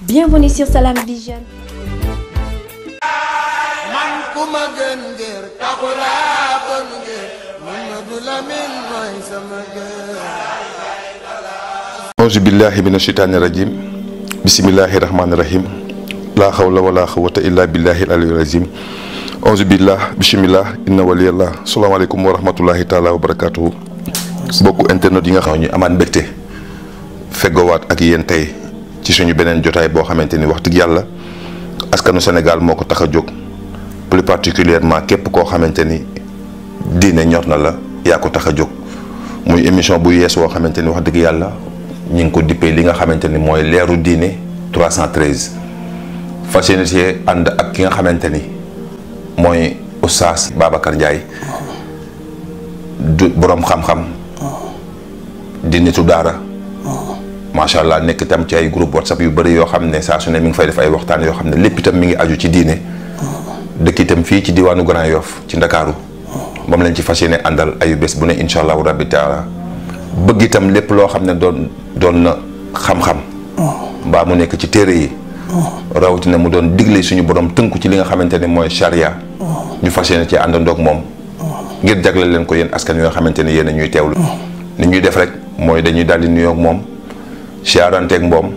bienvenue sur Salam Vision. man ku ma gën ngir taxulaa bon ngir Mamadou Lamine mooy sama gën. auzu billahi mina shaytaani rajim bismillahi rahmaani rahim laa xawla wala xawata illa billahi al aliyyil azim auzu billah bismillah inna waliyallah salaamaaleykum wa rahmatullahi taala wa barakaatuhu. bokku internet yi nga xam ñu amaat mbégte feggowaat ak yéen tey. ci suñu beneen jotaay boo xamante ni wax dëgg yàlla askanu Sénégal moo ko tax a jóg plus particulièrement képp koo xamante ni diine ñor na la yaa ko tax a jóg muy émission bu yees woo xamante ni wax dëgg yàlla ñu ngi ko dippee li nga xamante ni mooy leeru diine 313 fas yéene ci ànd ak ki nga xamante ni mooy Oustaz Babacar Ndiaye du boroom xam-xam di nitu daara macha allah nekk itam ci ay group whatsapp yu bëri yoo xam ne saa su ne mi ngi fay def ay waxtaan yoo xam ne lépp itam mi ngi aju ci diine dëkk itam fii ci diwaanu Grand Yoff ci ndakaaru moom lañ ci fas yéene àndal ayu bés bu ne incha allahu rabbi taala bëgg itam lépp loo xam ne doon doon na xam-xam mu nekk ci téere yi rawatina mu doon digle suñu borom tënku ci li nga xamante ne mooy charia ñu fas yéene ci àndandoog moom ngir jagle leen ko yéen askan yoo xamante ne yéen a ñuy teewlu ni ñuy def rek mooy dañuy daal di nuyoog moom siyaaranteeg mboom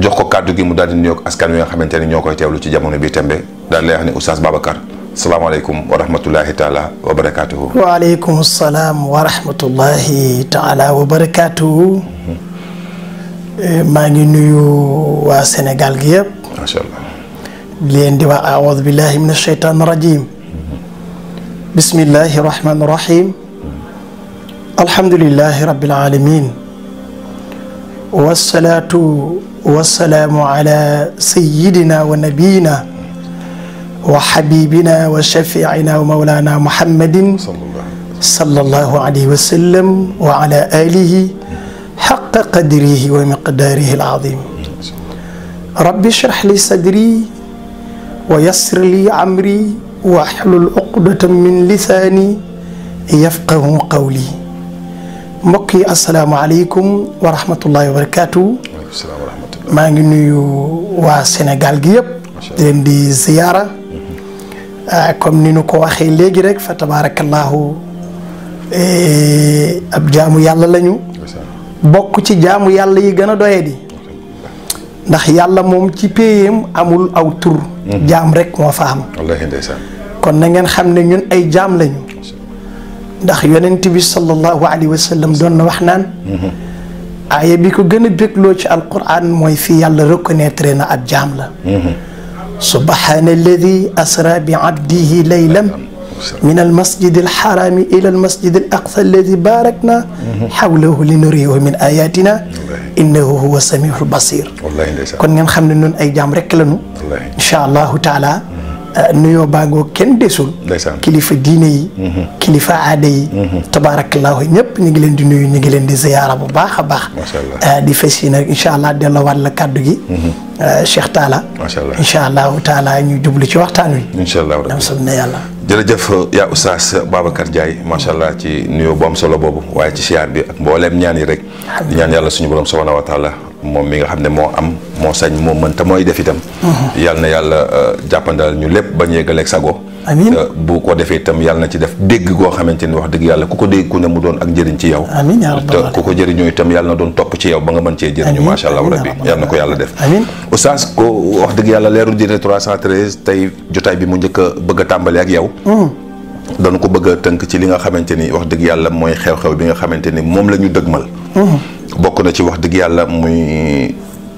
jox ko kàddu gi mu daal di nuyoog askan wi nga xamante ne ñoo koy teewlu ci jamono bi tembe daal lay wax ne oustaz Babacar salaamaaleykum wa rahmatullahi taala wa barakaatuhu. waaleykum salaam wa rahmatullahi taala wa barakaatuhu. maa ngi nuyu waa Sénégal gi yëpp. macha allah. leen di wax aawadu billahi min ashaytaan rajim. bismillahi rahmaani rahim. alhamdulillahi rabbil alamin wasalaatu wasalaamu ala sayidina wa nabiyina wa xabibina wa shafiina wa maulana muhammadin sallallahu alayhi wa sallam wa ala alihi xaqa qadrihi wa miqdaarihi alazim rabbi shrah li sadri wa yassir li amri wa ahlul uqdatan min lisani yafqahu qawli mbokk yi asalaamaaleykum maa ngi nuyu waa Sénégal gi yëpp. di leen di ziyaara. Mm-hmm. Ah, comme ni nu ko waxee léegi rek fa tabaarakallaahu e, ab jaamu yàlla lañu. bokk ci jaamu yàlla yi gën a doye di. ndax yàlla moom ci péyam amul aw tur. Mm-hmm. jaam rek moo fa am. kon na ngeen xam ne ñun ay jaam lañu. ndax yonent bi sallallahu alayhi wa sallam doon na wax naan aaya bi ko gën a bégloo ci alquran mooy fii yàlla reconnaître na ab jaam la subhaana alladi asra bi abdihi laylam min almasjid alxarami ila almasjid alaqsa alladi barakna xawlahu linuriyahu min ayatina innahu huwa samiul basir kon ngeen xam ne noonu ay jaam rekk lañu insha allahu taala Euh, nuyoo baagoo kenn desul. kilifa diine yi. Mhm. kilifa aada yi. Mhm. tabaarakallaahu ñëpp ñu ngi leen di nuyu ñu ngi leen di ziyaara bu baax a baax. Euh, di fes yi nag incha allah delloowaat la kàddu gi. Mhm. Euh, Cheikh Talla. macha allah incha allahu taala ñu jublu ci waxtaan wi. incha allah dem sëb na yàlla. jërëjëf yaa Oustaz Babacar Ndiaye macha allah ci nuyoo bu solo boobu waaye ci siyaar bi ak mbooleem ñaan yi rek. di ñaan yàlla suñu borom subhanahu wa taala moom mi nga xam ne moo am moo sañ moo mën te mooy def itam. Mm-hmm. yàlla na yàlla euh, jàppandal ñu lépp bañ yeggaleeg sago. amiin euh, bu ko defee itam yàlla na ci def dégg koo xamante ni wax dëgg yàlla ku ko dégg ku ne mu doon ak njëriñ ci yow. amiin te ku ko jëriñoo itam yàlla na doon topp ci yow ba nga mën cee jëriñu. macha allah rabbi yàlla na ko yàlla def. amiin oustaz wax dëgg yàlla leeru diine 313 tey jotaay bi mu njëkk a bëgg tàmbali ak yow. Mm-hmm. dañu ko bëgg tënk ci li nga xamante ni wax dëgg yàlla mooy xew-xew bi nga xamante ni moom la ñu dëgmal bokk na ci wax dëgg yàlla muy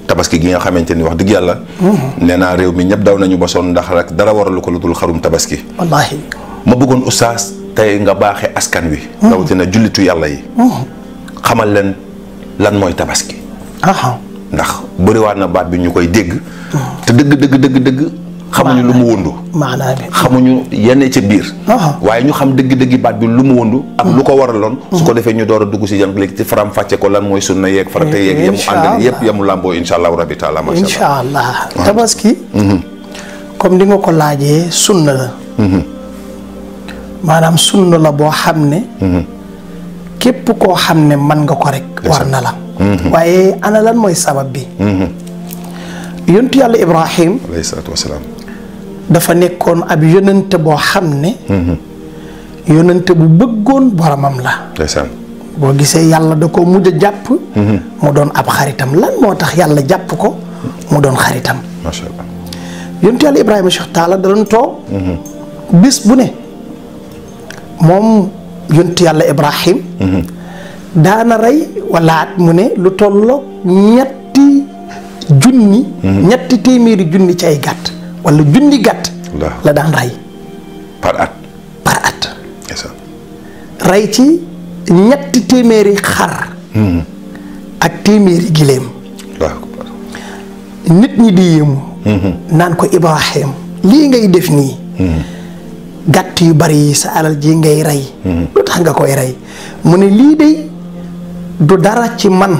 tabaski gi nga xamante ni wax dëgg yàlla. nee naa réew mi ñëpp daw nañu ba sonn ndax rek dara waralu ko lu dul xarum tabaski. wallaahi ma bëggoon oustaz tey nga baaxee askan wi. rawatina jullitu yàlla yi. xamal leen lan mooy tabaski. ndax bëriwaat na baat bi ñu koy dégg. te dëgg dëgg dëgg. xamuñu lu mu wëndu maanaa bi xamuñu yenn ca biir waaye ñu xam dëgg-dëgg baat bi lu mu wëndu am lu ko waraloon su ko hmm. defee ñu door a dugg si jàng léegi ci faram fàcce ko lan mooy sunna yeeg farata yeeg yamu àndal yëpp yamu làmboo insha taala macha allah hmm. tabaski hmm. comme ni nga ko laajee sunna la maanaam sunna la boo xam ne képp koo xam ne mën nga ko rek war na la waaye ana lan mooy sabab bi yontu yàlla ibrahim alayhi salaatu wasalaam dafa nekkoon ab yonent boo xam ne mhm. yonent bu bëggoon boromam la boo gisee yàlla da ko mujj a jàpp mhm. mu doon ab xaritam la moo tax yàlla jàpp ko mu doon xaritam macha allah yonentu yàlla mhm. bu ne moom yonentu yàlla Ibrahim daana rey walaat mu ne lu tolloog ñetti junni ñetti téeméeri junni ci ay gàtt wala junni gàtt. la daan rey. par at. par at. rey ci ñetti téeméeri xar. Hmm. ak téeméeri gileem. nit ñi di yéemu. Hmm. naan ko Ibrahim lii ngay def nii. Hmm. gàtt yu bari yi sa alal ji ngay rey. lu tax nga koy rey mu ne lii de du dara ci man.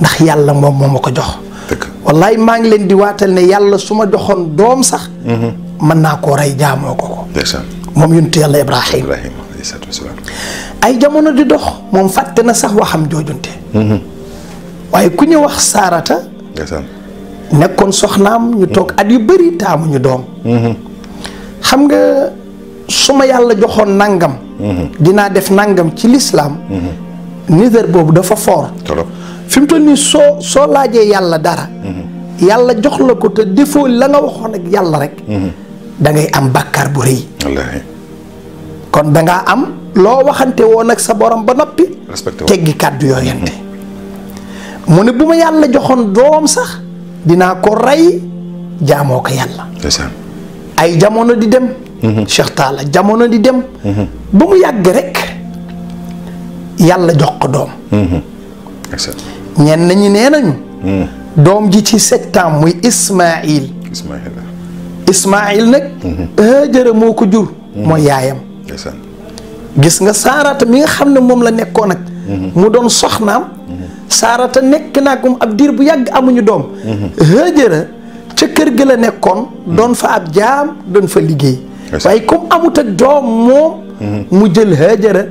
ndax yàlla moom moo ma ko jox. wallaay maa ngi leen di waatal ne yàlla suma ma joxoon doom sax mhm. mën naa koo rey jaamoo ko ko moom yuntu yàlla ibrahim ay jamono di dox moom fàtte na sax waxam joojunte mhm. waaye ku ñu wax saarata nekkoon soxnaam ñu toog mhm. at yu bëri taamuñu doom xam nga suma yàlla joxoon nangam dinaa def nangam ci lislaam niger boobu dafa foor fi mu toll nii soo soo laajee yàlla dara. Mm-hmm. yàlla jox la ko te defoo la nga waxoon ak yàlla rek. Mm-hmm. da ngay am bàkkaar bu rëy. kon da ngaa am loo waxante woon ak sa borom ba noppi. respecté teggi kàddu yooyante. Mm-hmm. mu ne bu ma yàlla joxoon doom sax dinaa ko rey jaamoo ko yàlla. ay jamono di dem. Cheikh Talla jamono di dem. ba mu yàgg rek yàlla jox ko doom. ñenn nañu nee nañu. Hmm. doom ji ci septembre muy Ismaïl. Ismaïl nag. Haajara hmm. moo ko jur. Hmm. mooy yaayam. gis nga saarata mi nga xam ne moom la nekkoon nag. mu doon soxnaam. saarata nekk na ak ab diir bu yàgg amuñu doom. Haajara ca kër ga la nekkoon. doon fa ab jaam doon fa liggéey. waaye comme amut ak doom moom. mu jël Haajara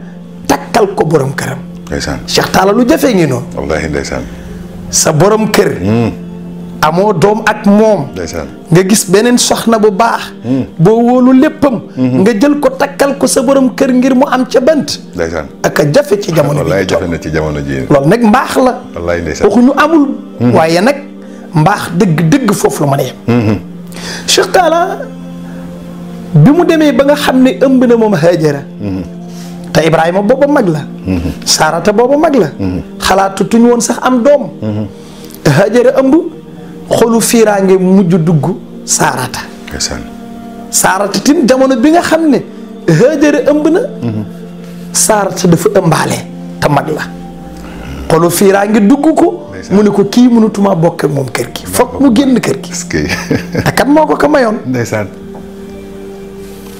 takkal ko borom këram. ndeysaan Cheikh Talla lu jafee ngi noonu. wallaahi ndeysaan. sa borom kër. Hmm. amoo doom ak moom. nga gis beneen soxna bu baax. Hmm. boo wóolu léppam. Hmm. nga jël ko takkal ko sa borom kër ngir mu am ca bant. ndeysaan ak a jafe ci jamono ji. wallaay jafe na ci jamono ji. loolu nag mbaax la. wallaay ndeysaan amul. waaye nag mbaax dëgg dëgg foofu la mën a yem. Cheikh bi mu demee ba nga xam ne ëmb na moom Haajara te Ibrahima booba mag la. Saarata booba mag la. xalaatutuñ woon sax am doom. Hajara ëmb xolu fiiraange mujj dugg Saarata. Saarata tin jamono bi nga xam ne Hajara ëmb na. Saarata dafa ëmbaale te mag la. xolu fiiraange dugg ko. mu ne ko kii mënutuma bokk ak moom kër gi foog mu génn kër gi. te kat moo ko ko mayoon.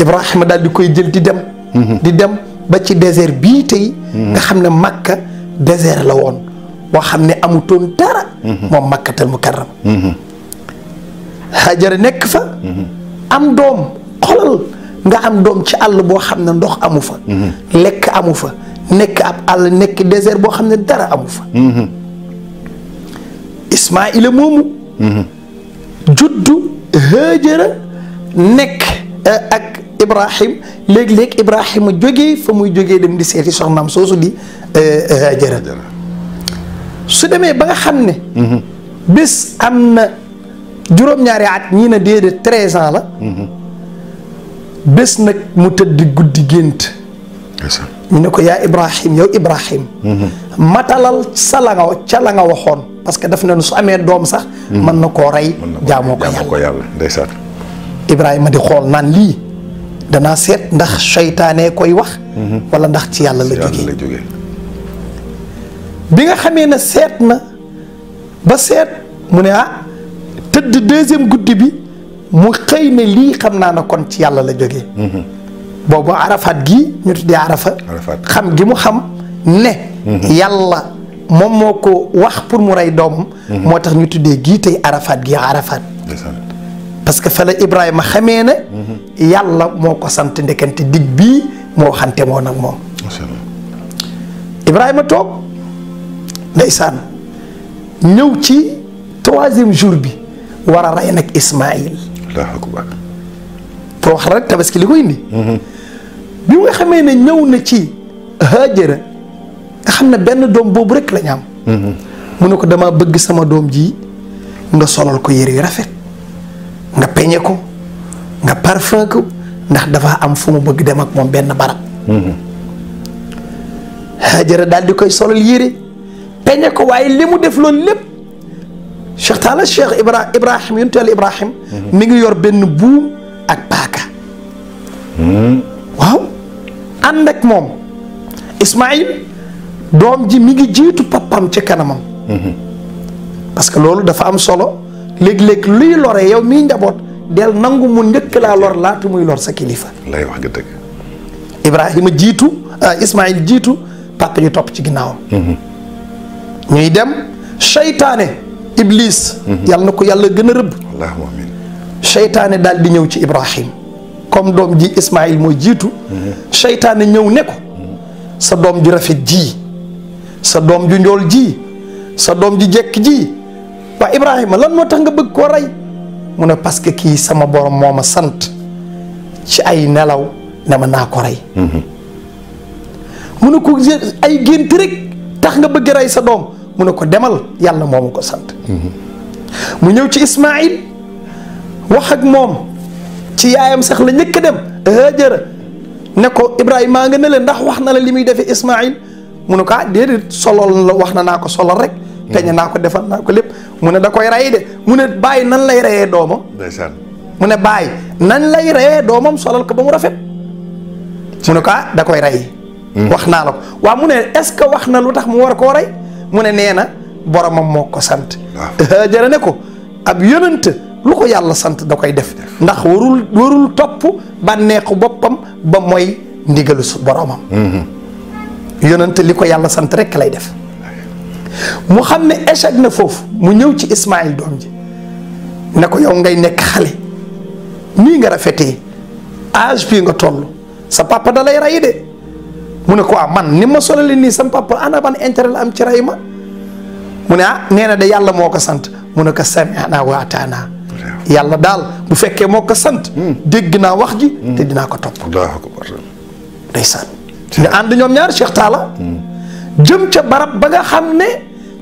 Ibrahima daal di koy jël di dem. Mhm. di dem. ba ci désert bii tey. nga xam ne Makka désert la woon boo xam ne amutoon dara. Mhm. moom Makkatal Mukarram. Hajara mhm. nekk fa. Mhm. am doom xolal nga am doom ci àll boo xam ne ndox amu fa. lekk amu fa nekk ab àll nekk deser boo xam ne dara amu fa. Ismaila moomu. juddu Hajara nekk euh, ak. Ibrahim léeg-léeg Ibrahima jógee fa muy jógee dem di seeti soxnaam soosu di euh, euh, Hajara su demee ba nga xam ne mhm. bés am na juróom-ñaari at ñii na déedéet treize ans la mhm. bés nag mu tëdd guddi gént ñu ne ko yaa Ibrahim yow Ibrahim mhm. matalal sa la nga ca la nga waxoon parce que daf ne su amee doom sax mën na koo rey jaamoo ko yàlla ndeysaan Ibrahima di xool naan lii danaa seet ndax seytaanee koy wax mhm. wala ndax ci yàlla la jóge bi nga xamee na seet na ba seet mu ne ah tëdd deuxième guddi bi mu xëy ne lii xam naa ne kon ci yàlla la jóge mhm. boobu arafaat gi ñu tuddee arafa xam gi mu xam ne mhm. yàlla moom moo ko wax pour mu rey doomam moo tax ñu tuddee gii tey arafaat gi arafaat parce que fa la xamee na yàlla moo ko sant ndekante digg bii moo xante moo nag moom. Ibrahima toog ndeysaan ñëw ci troisième jour bi war a rey nag Ismaïl. allahu pour wax rek tabaski li ko indi. Mhm. bi nga xamee ne ñëw na ci Haajara nga xam na benn doom boobu rek la ñu am. Mhm. mu ko dama bëgg sama doom ji nga solal ko yére yu rafet. nga peñe ko nga parfum ko ndax dafa am fu mu bëgg dem ak moom benn barab Hajara daal di koy solal yére peñe ko waaye li mu def loolu lépp Cheikh Talla Cheikh Ibra Ibrahim yuntu Yàlla Ibrahim mhm. mi ngi yor benn buum ak paaka mhm. waaw ànd ak moom Ismaïl doom ji mi ngi jiitu pappam ci kanamam mhm. parce que loolu dafa am solo léeg-léeg luy lore yow miy njaboot del nangu mu njëkk laa lor laata muy lor sa kilifa. lay wax nga dëgg. jiitu euh, Ismaïl jiitu papa yi topp ci ginnaawam. Mhm. ñuy dem seytaane Iblis. Mhm. yal na ko yàlla gën a rëbb. allahumma daal di ñëw ci Ibrahim comme doom ji Ismaïl mooy jiitu. Mhm. seytaane ñëw ne ko. sa doom ji rafet ji sa doom ji njool ji sa doom ji jekk ji. waaw Ibrahima lan moo tax nga bëgg koo rey mu ne parce que kii sama borom moo ma sant ci ay nelaw ne naa ko rey mhm. mu ne ko ay gént rek tax nga bëgg rey sa doom mu ne ko demal yàlla moomu ko sant mhm. mu ñëw ci Ismaïl wax ak moom ci yaayam sax la njëkk a dem Haajara ne ko Ibrahima nga ne leen ndax wax na la li muy defee Ismaïl mu ne ko ah déedéet solol la wax na naa ko solol rek peñe naa ko defal naa ko lépp mu ne da koy rey de mu ne bàyyi nan lay reyee doomam mu ne bàyyi nan lay reyee doomam solal ko ba mu rafet mu ne ko ah da koy rey hmm. wax naa la ko waaw mu ne est-ce que wax na lu tax mu war koo rey mu ne nee na boromam moo ko sant Haajara ah. ne ko ab yonent lu ko yàlla sant da koy def ndax warul warul topp bànneexu boppam ba mooy ndigalu su boromam hmm. yonent li ko yàlla sant rekk lay def mu xam ne échec na foofu mu ñëw ci Ismaïl doom ji ne ko yow ngay nekk xale nii nga rafetee âge bii nga toll sa papa da lay rey de mu ne ko ah man ni ma solali nii sam papa ana ban intérêt la am ci rey ma mu ne ah, nee na de yàlla moo ko sant mu ne ko sami'na yàlla daal bu fekkee moo ko sant. naa wax ji. dinaa ko topp. ndeysaan ñu ñoom ñaar Cheikh Talla. jëm ca barab ba nga xam ne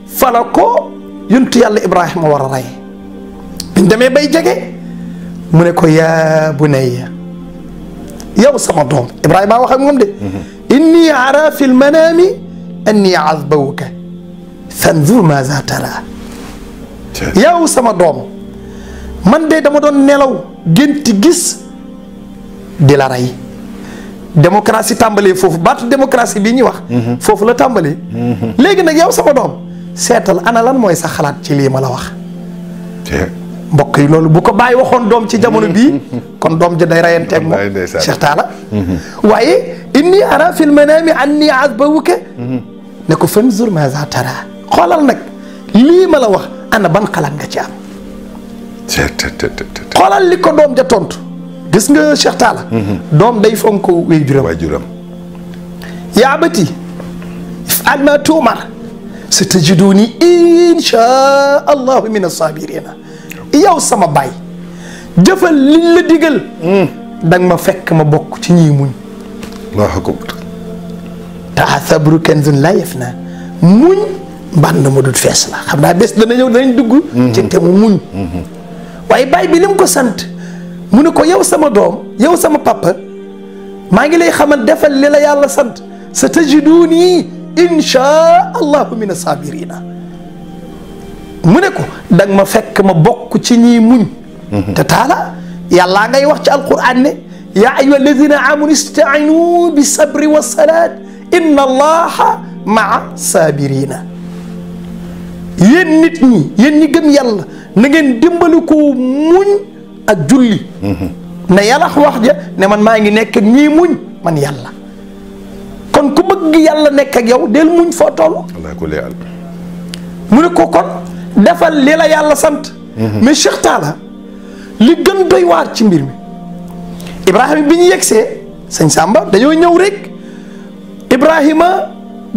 fala ko yuntu yàlla ibrahim war a rey demee bay jege mu ne ko yaa bunayya yow sama doom ibrahima wax ak moom de mhm. inni ara fi lmanaami anni azbawuka fanzur maza tara yow sama doom man de dama doon nelaw génti gis di la rey démocratie tàmbalee foofu baatu démocratie bii ñuy wax. Mhm. foofu la tàmbalee. Mhm. léegi nag yow sama doom seetal ana lan mooy sa xalaat ci lii ma la wax. mbokk yi loolu bu ko bàyyi waxoon doom ci jamono bii. Mhm. kon doom ja day rayanteeg moom Cheikh Talla. waaye inni ara fil manami anni azbawuka ne ko fanzur maza tara xoolal nag lii ma la wax ana ban xalaat nga ci am. xoolal li ko doom ja tontu. gis nga Cheikh Talla mhm. doom day fonk way juram way juram yaa bati if'al ma tu'mar satajiduni insha allahu min as-sabirina yow sama baay jëfal liñ la digal mm. danga ma fekk ma bokk ci ñii muñ allahu akbar taa sabru kanzun la yafna muñ mbànd ma dut fees la xam naa bés dana ñëw danañ dugg mhm. ci te mu muñ mhm. waaye baay bi ko sant mu ne ko yow sama doom yow sama papa maa ngi lay xamal defal li la yàlla sant sa tajiduni insha allahu min asabirina mu ne ko da nga ma fekk ma bokk ci ñiy muñ mhm. te taala yàllaa ngay wax ci alquran ne yaa ayuha alladina amanu istainu bi sabri wa salaat inna allaha maa sabirina yéen nit ñi yéen ñi gëm yàlla na ngeen dimbalikoo muñ ak julli ne yalax wax ja ne man maa ngi nekk ak ñii muñ man yàlla kon ku bëgg yàlla nekk ak yow del muñ foo toll mu ne ko kon defal li la yàlla sant mhm. mais Cheikh li gën doy waar ci mbir mi Ibrahima bi ñu yegsee sëñ Samba dañoo ñëw rek Ibrahima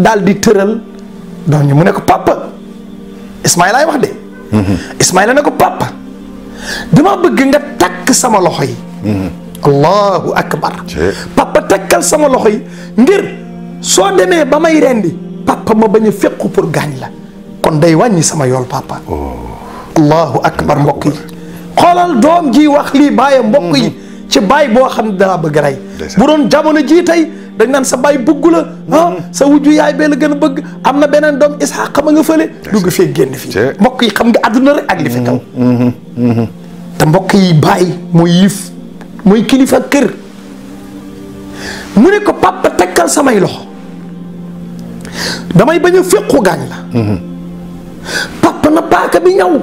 daal di tëral doom ñu mu ne ko papa Ismaïla wax de mhm. Ismaïla ne ko papa dama bëgg nga takk sama loxo yi mm-hmm. allahu akbar papa takkal sama loxo yi ngir soo demee ba may rendi papa ma bañ a féqu pour gaañ la kon day wàññi sama yool papa oh. allahu akbar mbokk yi xoolal doom ji wax lii bàyyi mbokk yi mm-hmm. ci baay boo xam ne dalaa bëgg rey bu doon jamono jii tey dañ naan sa baay bëggu la ah sa wujju yaay bee la gën a bëgg am na beneen doom Isaaqa ma nga fële dugg fee génn fii mbokk yi xam nga àdduna rek ak li fi taw te mbokk yi bàyyi muy yiif mooy kilifa kër mu ne ko papa takkal samay loxo damay bañ a féqu gaañ la mhm. papa na paaka bi ñaw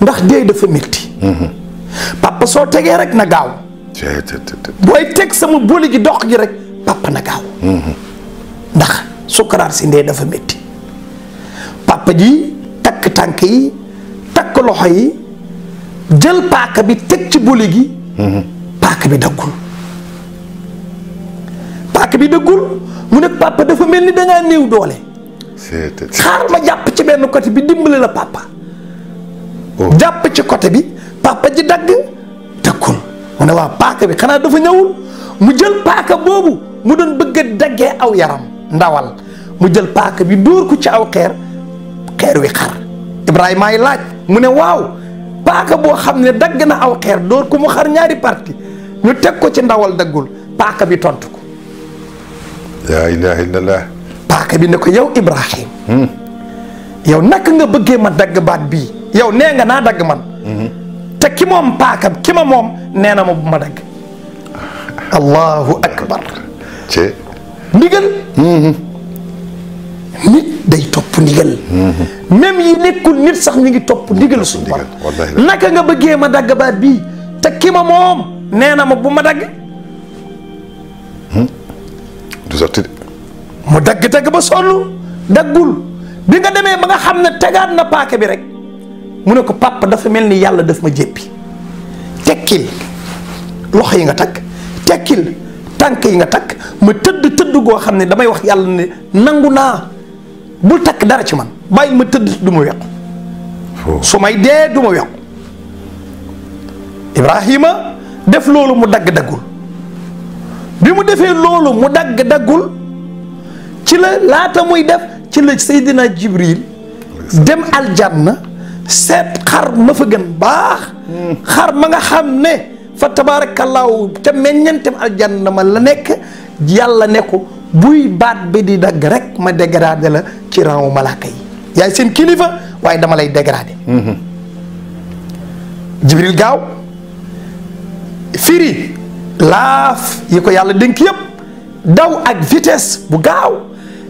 ndax dee dafa métti mhm. papa soo tegee rek na gaaw booy teg sama boole ji dox gi rek papa na gaaw ndax sukkaraar si ndee dafa metti papa ji takk tànk yi takk loxo yi jël paaka bi teg ci boli gi mhm. paaka bi daggul paaka bi daggul mu ne papa dafa mel ni dangaa néew doole xaar ma jàpp ci benn côté bi dimbale la papa oh. jàpp ci côté bi papa ji dagg daggul mu ne waa paaka bi xanaa dafa ñëwul mu jël paaka boobu mu doon bëgg daggee aw yaram ndawal mu jël paaka bi dóor ko ci aw xeer xeer wi xar Ibrahima laaj mu ne waaw paaka boo xam ne dagg na aw xeer door ku xar ñaari parti ñu teg ko ci ndawal daggul paaka bi tontu ko laa bi ne ko yow Ibrahim hmm. yow naka nga bëggee ma dagg baat bi yow nee nga naa dagg man hmm. te ki moom paaka ki moom nee na ma bu ma dagg allahu akbar ndigal hmm. nit day topp ndigal même yi nekkul nit sax ñu ngi topp ndigal suñu borom naka nga bëggee ma dagg baat bii te ki ma moom nee na ma bu ma dagg hmm? mu dagg-dagg ba sonn daggul bi nga demee ba nga xam ne tegaat na paaka bi rek mu ne ko papa dafa mel ni yàlla daf ma jéppi tekkil loxo yi nga takk tekkil tànk yi nga takk ma tëdd tëdd goo xam ne damay wax yàlla ne nangu naa bul takk dara ci man bàyyi ma tëdd du ma wequ oh. su may dee du ma wequ Ibrahima def loolu mu dagg daggul bi mu defee loolu mu dagg daggul ci la laata muy def ci la Seydina Jibril dem aljanna seet xar ma fa gën baax hmm. xar ma nga xam ne fa tabaarakallaahu te meññanteem aljanna ma la nekk yàlla ne buy baat bi di dagg rekk ma dégradé la ci rangu malaaka yi yaay seen kilifa waaye dama lay dégradé mhm. jibril gaaw firi laaf yi ko yàlla dénk yépp daw ak vitesse bu gaaw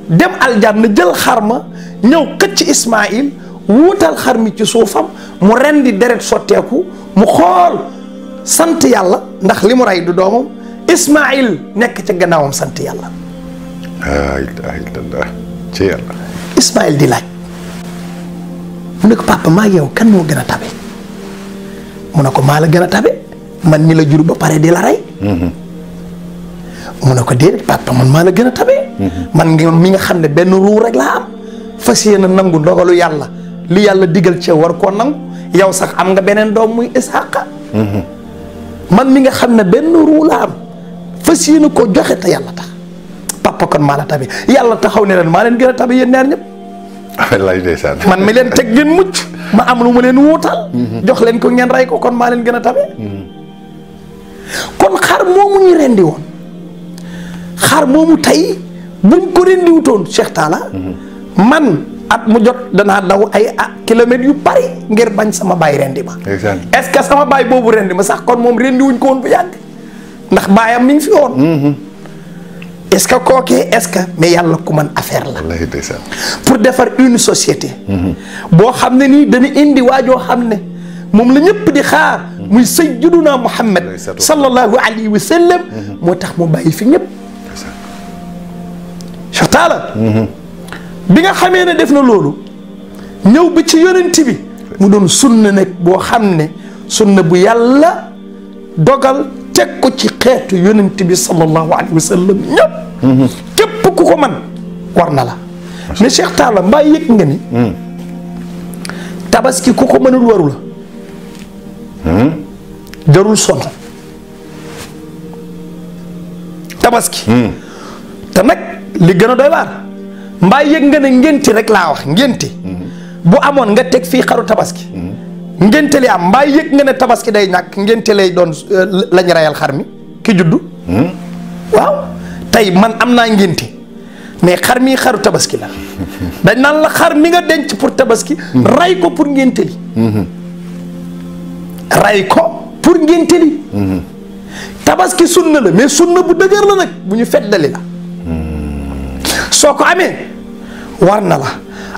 dem aljanna jël xar ma ñëw xëcc ismail wuutal xar mi ci suufam mu ren di deret sotteeku mu xool sant yàlla ndax li mu rey du doomam ismail nekk ca gannaawam sant yàlla laa ilaaha illallaah ci yàlla. Ismaël di laaj mu ne papa maa yow kan moo gën a tabe mu ne ko maa la gën a tabe man ñi la jur ba pare di la rey. Mhm. mu ne ko déedéet papa man maa la gën a tabe. Mhm. man mi nga xam ne benn ruu rek laa am fas yéene nangu ndogalu yàlla li yàlla digal ci war koo nangu yow sax am nga beneen doom muy Isaaqa. Mhm. mi nga xam ne benn ruu laa am fas yéene koo joxe te yàlla tax. papa kon maa la tabe yàlla taxaw ne leen maa leen gën a tabe yéen ñaar ñëpp. man mi leen teg ngeen mucc ma am lu ma leen wuutal. Mm-hmm. jox leen ko ngeen rey ko kon maa leen gën a tabe. Mm-hmm. kon xar moomu ñu rendi woon xar tey buñ ko rendi wutoon Cheikh Talla. Mm-hmm. man at mu jot danaa daw ay kilomètres yu bari ngir bañ sama baay rendi ma. est-ce que sama baay boobu rendi ma sax kon moom rendiwuñ wuñ ko woon bu yàgg ndax baayam mi fi woon. est-ce que kookee est-ce que mais yàlla ku man affaire la pour defar une société boo xam ne nii dañu indi waajoo xam ne moom la ñëpp di xaar muy sayyiduna Muhammad sallallahu alayhi wa sallam moo tax mu bàyyi fi ñëpp bi nga xamee ne def na loolu ñëw ba ci yonent bi mu doon sunna nag boo xam ne sunna bu yàlla dogal teg ko ci xeetu yonent bi sallallahu alayhi wa sallam ñëpp. Mhm. képp ku ko man war na la. mais Cheikh Talla mbaa yëg nga ni. Hmm. tabaski ku ko mënul waru hmm. jarul sonn. tabaski. Hmm. te nag li gën a doy waar. mbaa yëg nga ne ngénti rek laa wax ngénti. bu amoon nga teg fii xaru tabaski. ngénte li am mbaa yëg nga ne tabaski day ñàkk ngénte lay doon euh, lañ rayal xar mi ki juddu. Hmm? waaw tey man am naa ngénte mais xar mii xaru tabaski la dañ naan la xar mi nga denc pour tabaski. Hmm. ray ko pour ngénte li. Hmm. ray ko pour ngénte li. tabaski sunna la mais sunna bu dëgër la nag bu ñu feddali la. soo ko amee war na la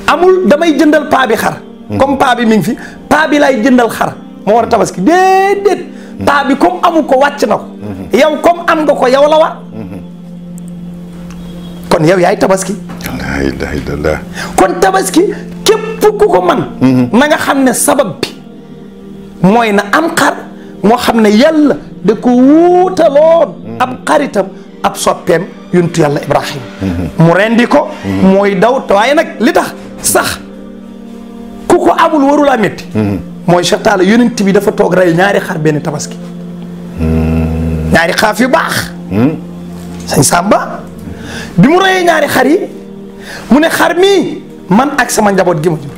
amul damay jëndal paa bi xar. comme paa bi mi ngi fi paa bi lay jëndal xar moo war tabaski déedéet paa bi comme amu ko wàcc na ko mm-hmm. yow comme am nga ko yow la war mm-hmm. kon yow yaay tabaski kon tabaski képp ku ko man mm-hmm. na xam ne sabab bi mooy na am xar moo xam ne yàlla da ko wuutaloon ab xaritam ab soppeem yuntu yàlla Ibrahim mu rendi ko mooy daw waaye nag li tax sax ku ko amul warulaa métti. mooy Cheikh Talla yonent bi dafa toog ray ñaari xar benn tabaski. ñaari xaaf yu baax. bi mu ñaari xar yi mu ne xar mii man ak sama njaboot gi ma jur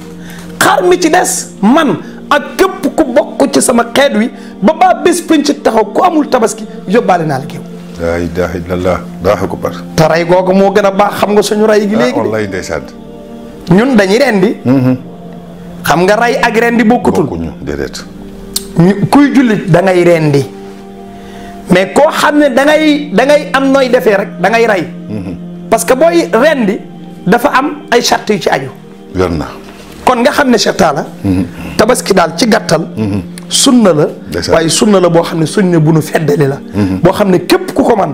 xar mi ci des man ak képp ku bokk ci sama xeet wi ba baa bés pënc taxaw ku amul tabaski yóbbaale naa la géew. laa ilaaha illallaah googu moo gën a baax xam nga suñu rey gi ah, léegi. ah wallaahi ndeysaan ñun xam nga rey ak rendi bokkatul bokkuñu déedéet kuy jullit da ngay rendi mais koo xam ne da ngay da ngay am nooy defee rek da ngay rey mhm. parce que booy rendi dafa am ay charte yu ci aju wér na kon nga xam ne charte la mhm. tabaski daal ci gàttal mhm. na la waaye na la boo xam ne suñ ne bu nu feddali la boo xam ne képp ku ko man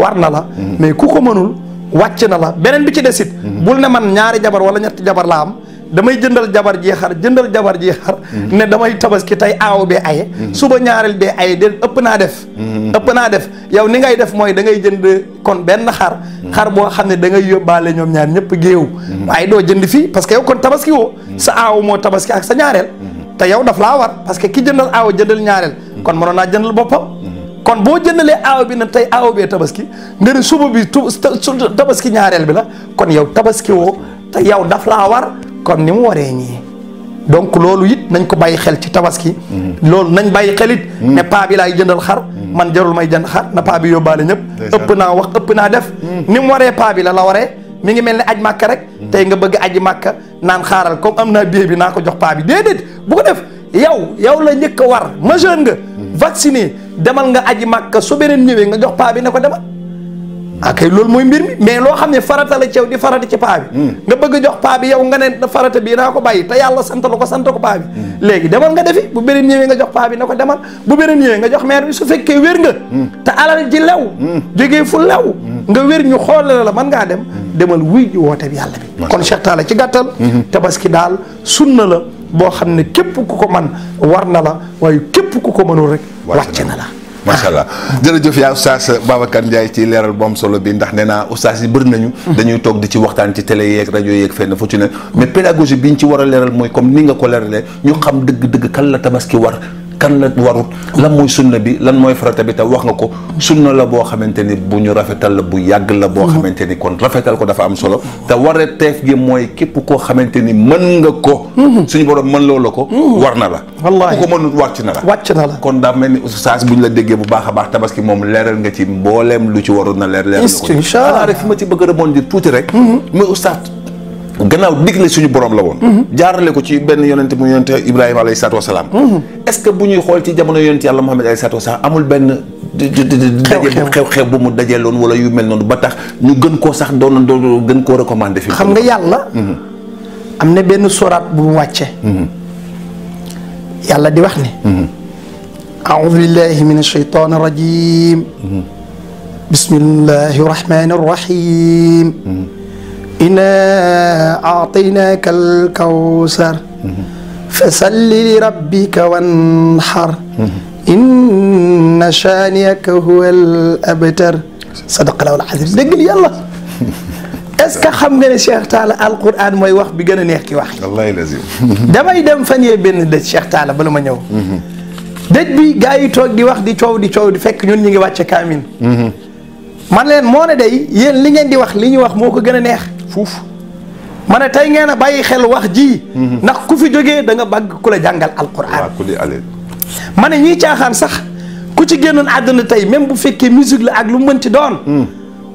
war na la mais ku ko mënul wàcc na la beneen bi ci desit bul ne man ñaari jabar wala ñetti jabar laa am damay jëndal jabar ji xar jëndal jabar ji mhm. ne damay tabaski tey aaw bi aye mhm. suba ñaareel bi aye de ëpp naa def mhm. ëpp naa def yow ni ngay def mooy da ngay jënd kon benn xar xar boo xam ne da ngay yóbbaale ñoom ñaar ñëpp géew waaye doo jënd fii parce que kon tabaski woo sa aaw moo tabaski ak sa ñaareel te yow daf laa war parce que ki jëndal aaw jëndal ñaareel kon mënoon naa jëndal boppa kon boo jëndalee aaw bi na tey aaw bee tabaski nga ne suba bi tabaski ñaareel bi la kon yow tabaski yow daf laa war kon ni mu waree ñii donc loolu it nañ ko bàyyi xel ci tabaski. Mhm. loolu nañ bàyyi xel it. Mhm. ne paa bi laay jëndal xar. Mhm. man jarul may jënd xar na paa bi yóbbaale ñëpp. ëpp naa wax ëpp naa def. ni mu waree paa bi la la waree mi ngi mel ne aj màkka rek. tey nga bëgg aji màkka naan xaaral comme am na billet bi naa ko jox paa bi déedéet bu def yow yow la njëkk a war majeur nga. vacciné demal nga aji màkka su beneen ñëwee nga jox paa bi ne ko demal. akay loolu mooy mbir mi mais loo xam ne farata la ceew di farata ci paa bi hmm. nga bëgg jox paa bi yow nga ne farata bii naa ko bàyyi te yàlla sant la ko sant ko paa hmm. léegi demal nga defi bu beneen ñëwee nga jox paa bi na ko demal bu beneen ñëwee nga jox maire bi su fekkee wér nga hmm. te alal ji lew jógee fu lew nga wér ñu xoolal la man ngaa dem demal wuy ji woote yàlla bi kon Cheikh la ci gàttal tabaski daal sunna la boo xam ne képp ku ko man war na la waaye képp ku ko mënul rek wàcc na la macha allah jërëjëf yaa oustaz Babacar Ndiaye ci leeral bu am solo bi ndax nee naa oustaz yi bëri nañu dañuy toog di ci waxtaan ci tele yeeg rajo yeeg fenn fu ci ne mais pédagogie bi ñu ci war a leeral mooy comme ni nga ko leeralee ñu xam dëgg-dëgg kan la tabaski war kan la warut lan mooy sunna bi lan mooy farata bi te wax nga ko sunna la boo xamante ni bu ñu rafetal la bu yàgg la boo xamante ni kon rafetal ko dafa am solo te waree teef gi mooy képp koo xamante ni mën nga ko suñu borom mën loolu la ko war na la wallaahi ku ko mënut wàcc na wàcc na la kon daa mel ni oustaz bu ñu la déggee bu baax a baax tabaski moom leeral nga ci mbooleem lu ci waroon na leer leer nga ko rek fi ma ci bëgg a rebondir tuuti rek mm-hmm. mais gannaaw digle suñu borom la woon. Mhm. jaarale ko ci benn yonent mu yonent Ibrahima alayhi salaatu wa salaam. Mhm. est que bu ñuy xool ci jamono yonent yàlla Muhammad alayhi salaatu wa salaam amul benn. xew xew xew bu mu dajeeloon wala yu mel noonu ba tax ñu gën koo sax doon doon gën koo recommander. fi xam nga yàlla. Mhm. am na benn soraat bu mu wàcce. yàlla di wax ni. aoudu billahi min ashaytaani rajim. bismillahi rahmaani rahim. إنا أعطيناك الكوثر فصل لربك وانحر إن شانئك هو الأبتر صدق الله العظيم dégg yàlla est-ce que xam nga ne Cheikh Talla alquran mooy wax bi gën a neex ki wax yi. wallaahi lazim. damay dem fan yee benn dëj Cheikh Talla bala ma ñëw. dëj bi gars yi toog di wax di coow di coow di fekk ñun ñu ngi wàcce kaamin. Mhm. man leen moo ne day yéen li ngeen di wax li ñu wax moo ko gën a neex. fuuf ma ne tey ngeen bàyyi xel wax ji. Mhm. ndax ku fi jógee da nga bëgg ku la jàngal alquran. ma ne ñuy caaxaan sax ku ci génnoon àdduna tey même bu fekkee musique la ak lu mu mën ci doon. Mm.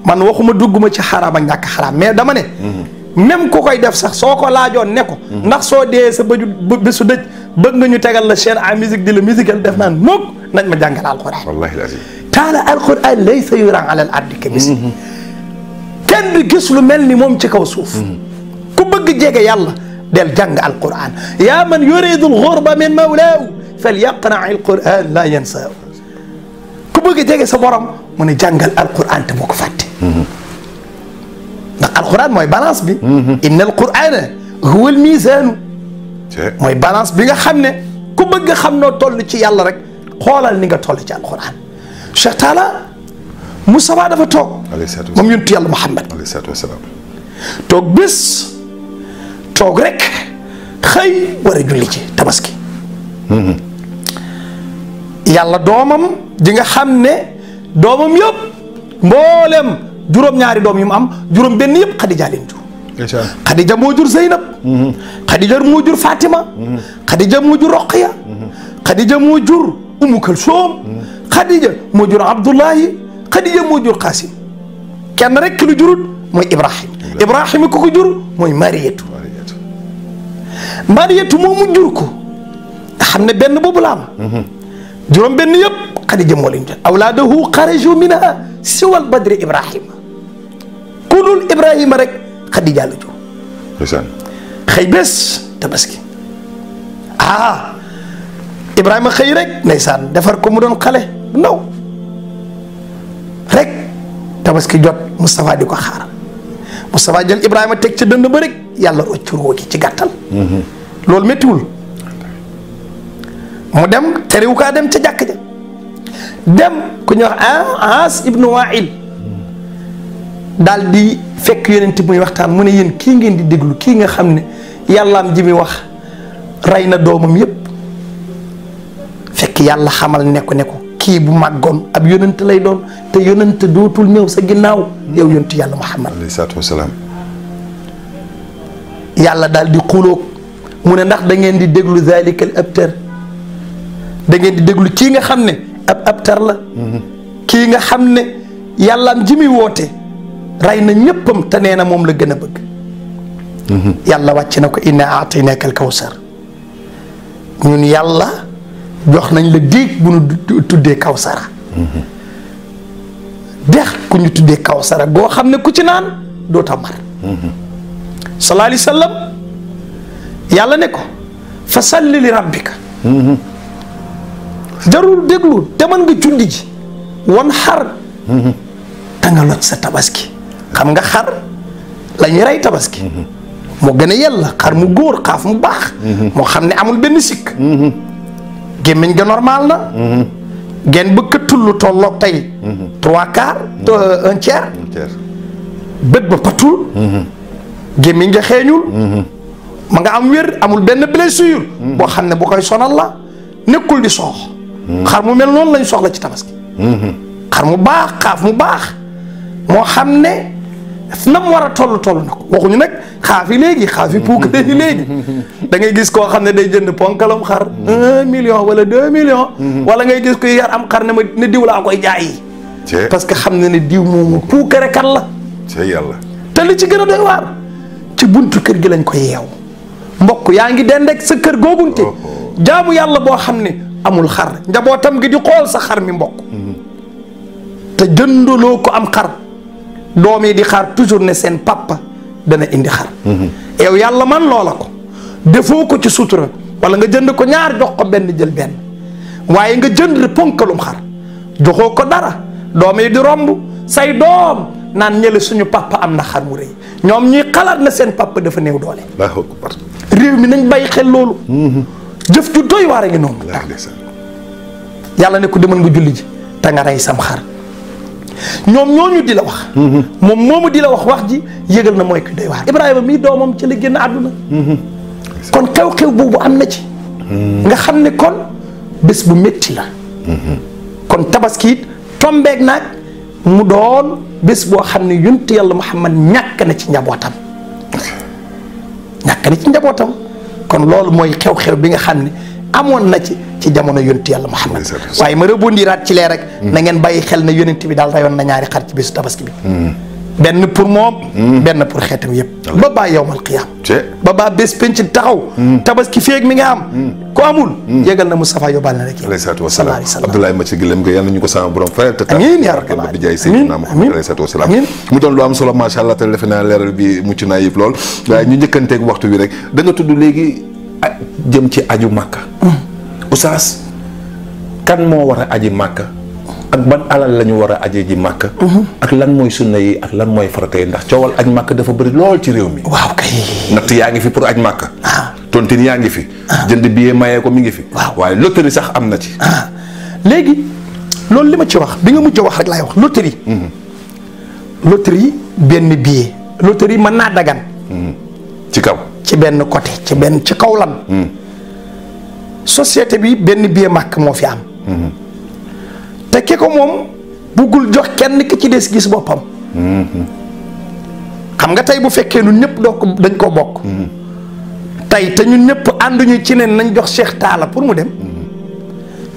man waxuma dugguma ci xaraam ak ñàkk xaraam mais dama ne. Mm-hmm. même ku koy def sax soo ko laajoon ne ko. Mm-hmm. ndax soo dee sa bëju bésu dëj bëgg nga ñu tegal la chaîne en musique di la musical def naan moog nañ ma jàngal alquran. wallaahi taala alquran laysa yuran ala ka misli kenn du gis lu mel ni moom ci kaw suuf ku bëgg jege yàlla del jàng alquran yaa man yuridu alxurba min mawlaahu fal yaqra alquran la yansa ku bëgg jege sa borom mu ne jàngal alquran te bu ko fàtte ndax alquran mooy balance bi inna alqurana huwa almisaanu mooy balance bi nga xam ne ku bëgg xam noo toll ci yàlla rek xoolal ni nga toll ci alquran Cheikh Talla Moustapha dafa toog. moom yonent yàlla Muhammad. toog bés toog rek xëy war a julli ci tabaski. yàlla doomam ji nga xam ne doomam yëpp mboolem juróom-ñaari doom yu mu am juróom benn yëpp Khadija leen jur. Khadija moo jur Zeynab. Mm-hmm. Khadija moo jur Fatima. Mm-hmm. Khadija moo jur di mm-hmm. Khadija moo jur Umu Kalsoom. Khadija moo jur Abdullahi. xadiija moo jur xaasim kenn rek lu jurut mooy ibrahim ibrahima ku ko jur mooy mariyatu mariyatu moomu jur ko xam ne benn boobu la am mm-hmm. juróom benn yëpp xadiija moo leen jur awlaadahu xaraju minha siwal badri ibrahima ku dul ibrahima rek xadiija la jur xëy bés tabaski ah ibrahima xëy rek ndeysaan defar ko mu doon xale ndaw rek tabaski jot Moustapha di ko xaar Moustapha jël Ibrahima teg ca dënd ba rek yàlla rocc roo ci gàttal. Mm-hmm. loolu méttiwul mu dem terewu kaa dem ca jàkk ja dem ku ñuy wax ah As ibnu Wail daal di fekk yonent muy waxtaan mu ne yéen kii ngeen di déglu kii nga xam ne yàllaam ji muy wax rey na doomam yépp fekk yàlla xamal ne ko ne ko kii bu màggoon ab yonent lay doon te yonent dootul ñëw sa ginnaaw yow yonent yàlla Muhammad alayhi salaatu wasalaam yàlla daal di xulóog mu ne ndax dangeen di déglu zalikal abtar da ngeen di déglu kii nga xam ne ab abtar la mhm. kii nga xam ne yàllaam ji muy woote rey na ñëppam te nee na moom la gën a bëgg mhm. yàlla wàcc na ko inna aataynaka al kawsar ñun yàlla jox nañ la déeg bu nu tuddee kawsara mhm. dex ku ñu tuddee kaw kawsara goo xam ne ku ci naan doota mar sallallahu alayhi yàlla ne ko fa salli li rabbika jarul déglu demal nga julli ji wan xar tangaloon sa tabaski xam nga xar la rey tabaski moo gën a yàlla xar mu góor xaaf mu baax moo xam ne amul benn sikk gémmiñ ga normal na ngeen bëgg a tullu tolloog tey. Mhm. trois quarts mhm. euh, un tiers. bët ba patul. Mhm. gémmiñ nga xeeñul. ma nga am wér amul benn blessure. boo xam ne bu koy sonal la nekkul di soox. xar mu mel noonu lañ soxla ci tabaski. xar mu baax xaaf mu baax moo xam ne. nam war a toll toll na ko waxuñu nag xaafi léegi xaafi puukare yi léegi da ngay gis koo xam ne day jënd ponkalam xar million wala deux million wala ngay gis koy yar am xar ne ma ne diw laa koy jaayi parce que xam ne ne diw moomu puukare kat la te te li ci gën a doy ci buntu kër gi lañ ko yeew mbokk yaa ngi dendek sa kër googunte jaamu yàlla boo xam ne amul xar njabootam gi di xool sa xar mi mbokk mm-hmm. te jëndaloo ko am xar doom yi di xaar toujours ne seen pappa dana indi xar. yow yàlla man loola ko defoo ko ci sutura wala nga jënd ko ñaar jox ko benn jël benn waaye nga jënd ponkalum xar joxoo ko dara doom yi di romb say doom naan ñële suñu papa am na xar mu rëy ñoom ñuy xalaat na seen papa dafa néew doole. réew mi nañ bay xel loolu. Mm-hmm. jëf ju doy waar a ngi noonu. yàlla ne ko demal nga julli ji te nga rey sam xar. ñoom ñooñu di la wax. Mm-hmm. moom moomu di la wax wax ji yëgal na mooy ku doy waar Ibrahima mii doomam ci la génn àdduna. Mm-hmm. kon xew-xew boobu am na ci. Mm-hmm. nga xam ne kon bés bu metti la. kon tabaski it tombeeg mu doon bés boo xam ne yunt yàlla Muhammad ñàkk na ci njabootam. ñàkk na ci njabootam kon loolu mooy xew-xew bi nga xam ne. amoon na ci ci jamono yonent yàlla Muhammad waaye ma rebondiraat ci lee rek mm. na ngeen bàyyi xel ne yonent bi daal rayoon na ñaari xar ci bésu tabaski bi mm. benn pour moom mm. benn pour xeetam yëpp ba baa yowmal qiyaam ba baa bés penc taxaw tabaski feeg mi nga am ku amul yégal na Moustapha yóbbaal na rek alayhi salaatu wasalaam ko sama borom fayal te amiin yaa mu doon lu am solo macha allah te defe naa leeral bi mucc naa yëpp lool waaye ñu njëkkanteeg waxtu bi rek da nga tudd léegi jëm ci aju màkka mm. oustaz kan moo war a aji màkka ak ban alal lañu war a aji ji màkk mm-hmm. ak lan mooy sunna yi ak lan mooy farata yi ndax coowal aj màkk dafa bari lool ci réew mi waaw kay natt yaa ngi fi pour aj màkk ah. tontine yaa ngi fi ah. jënd billet mayee ko mi ngi fi waaye loterie sax am na ci ah. léegi loolu li ma ci wax bi nga mujj wax rek lay wax mm-hmm. loterie benn billet loterie mën naa dagan mm-hmm. ci kaw ci benn côté ci benn ci kaw lan hmm. société bi benn billet màkk moo fi am hmm. te ki ko moom buggul jox kenn ki ci des gis boppam hmm. xam nga tey bu fekkee ñun ñëpp doo ko dañ ko bokk tey te ñun ñëpp ànduñu ci ne nañ jox Cheikh Talla pour mu dem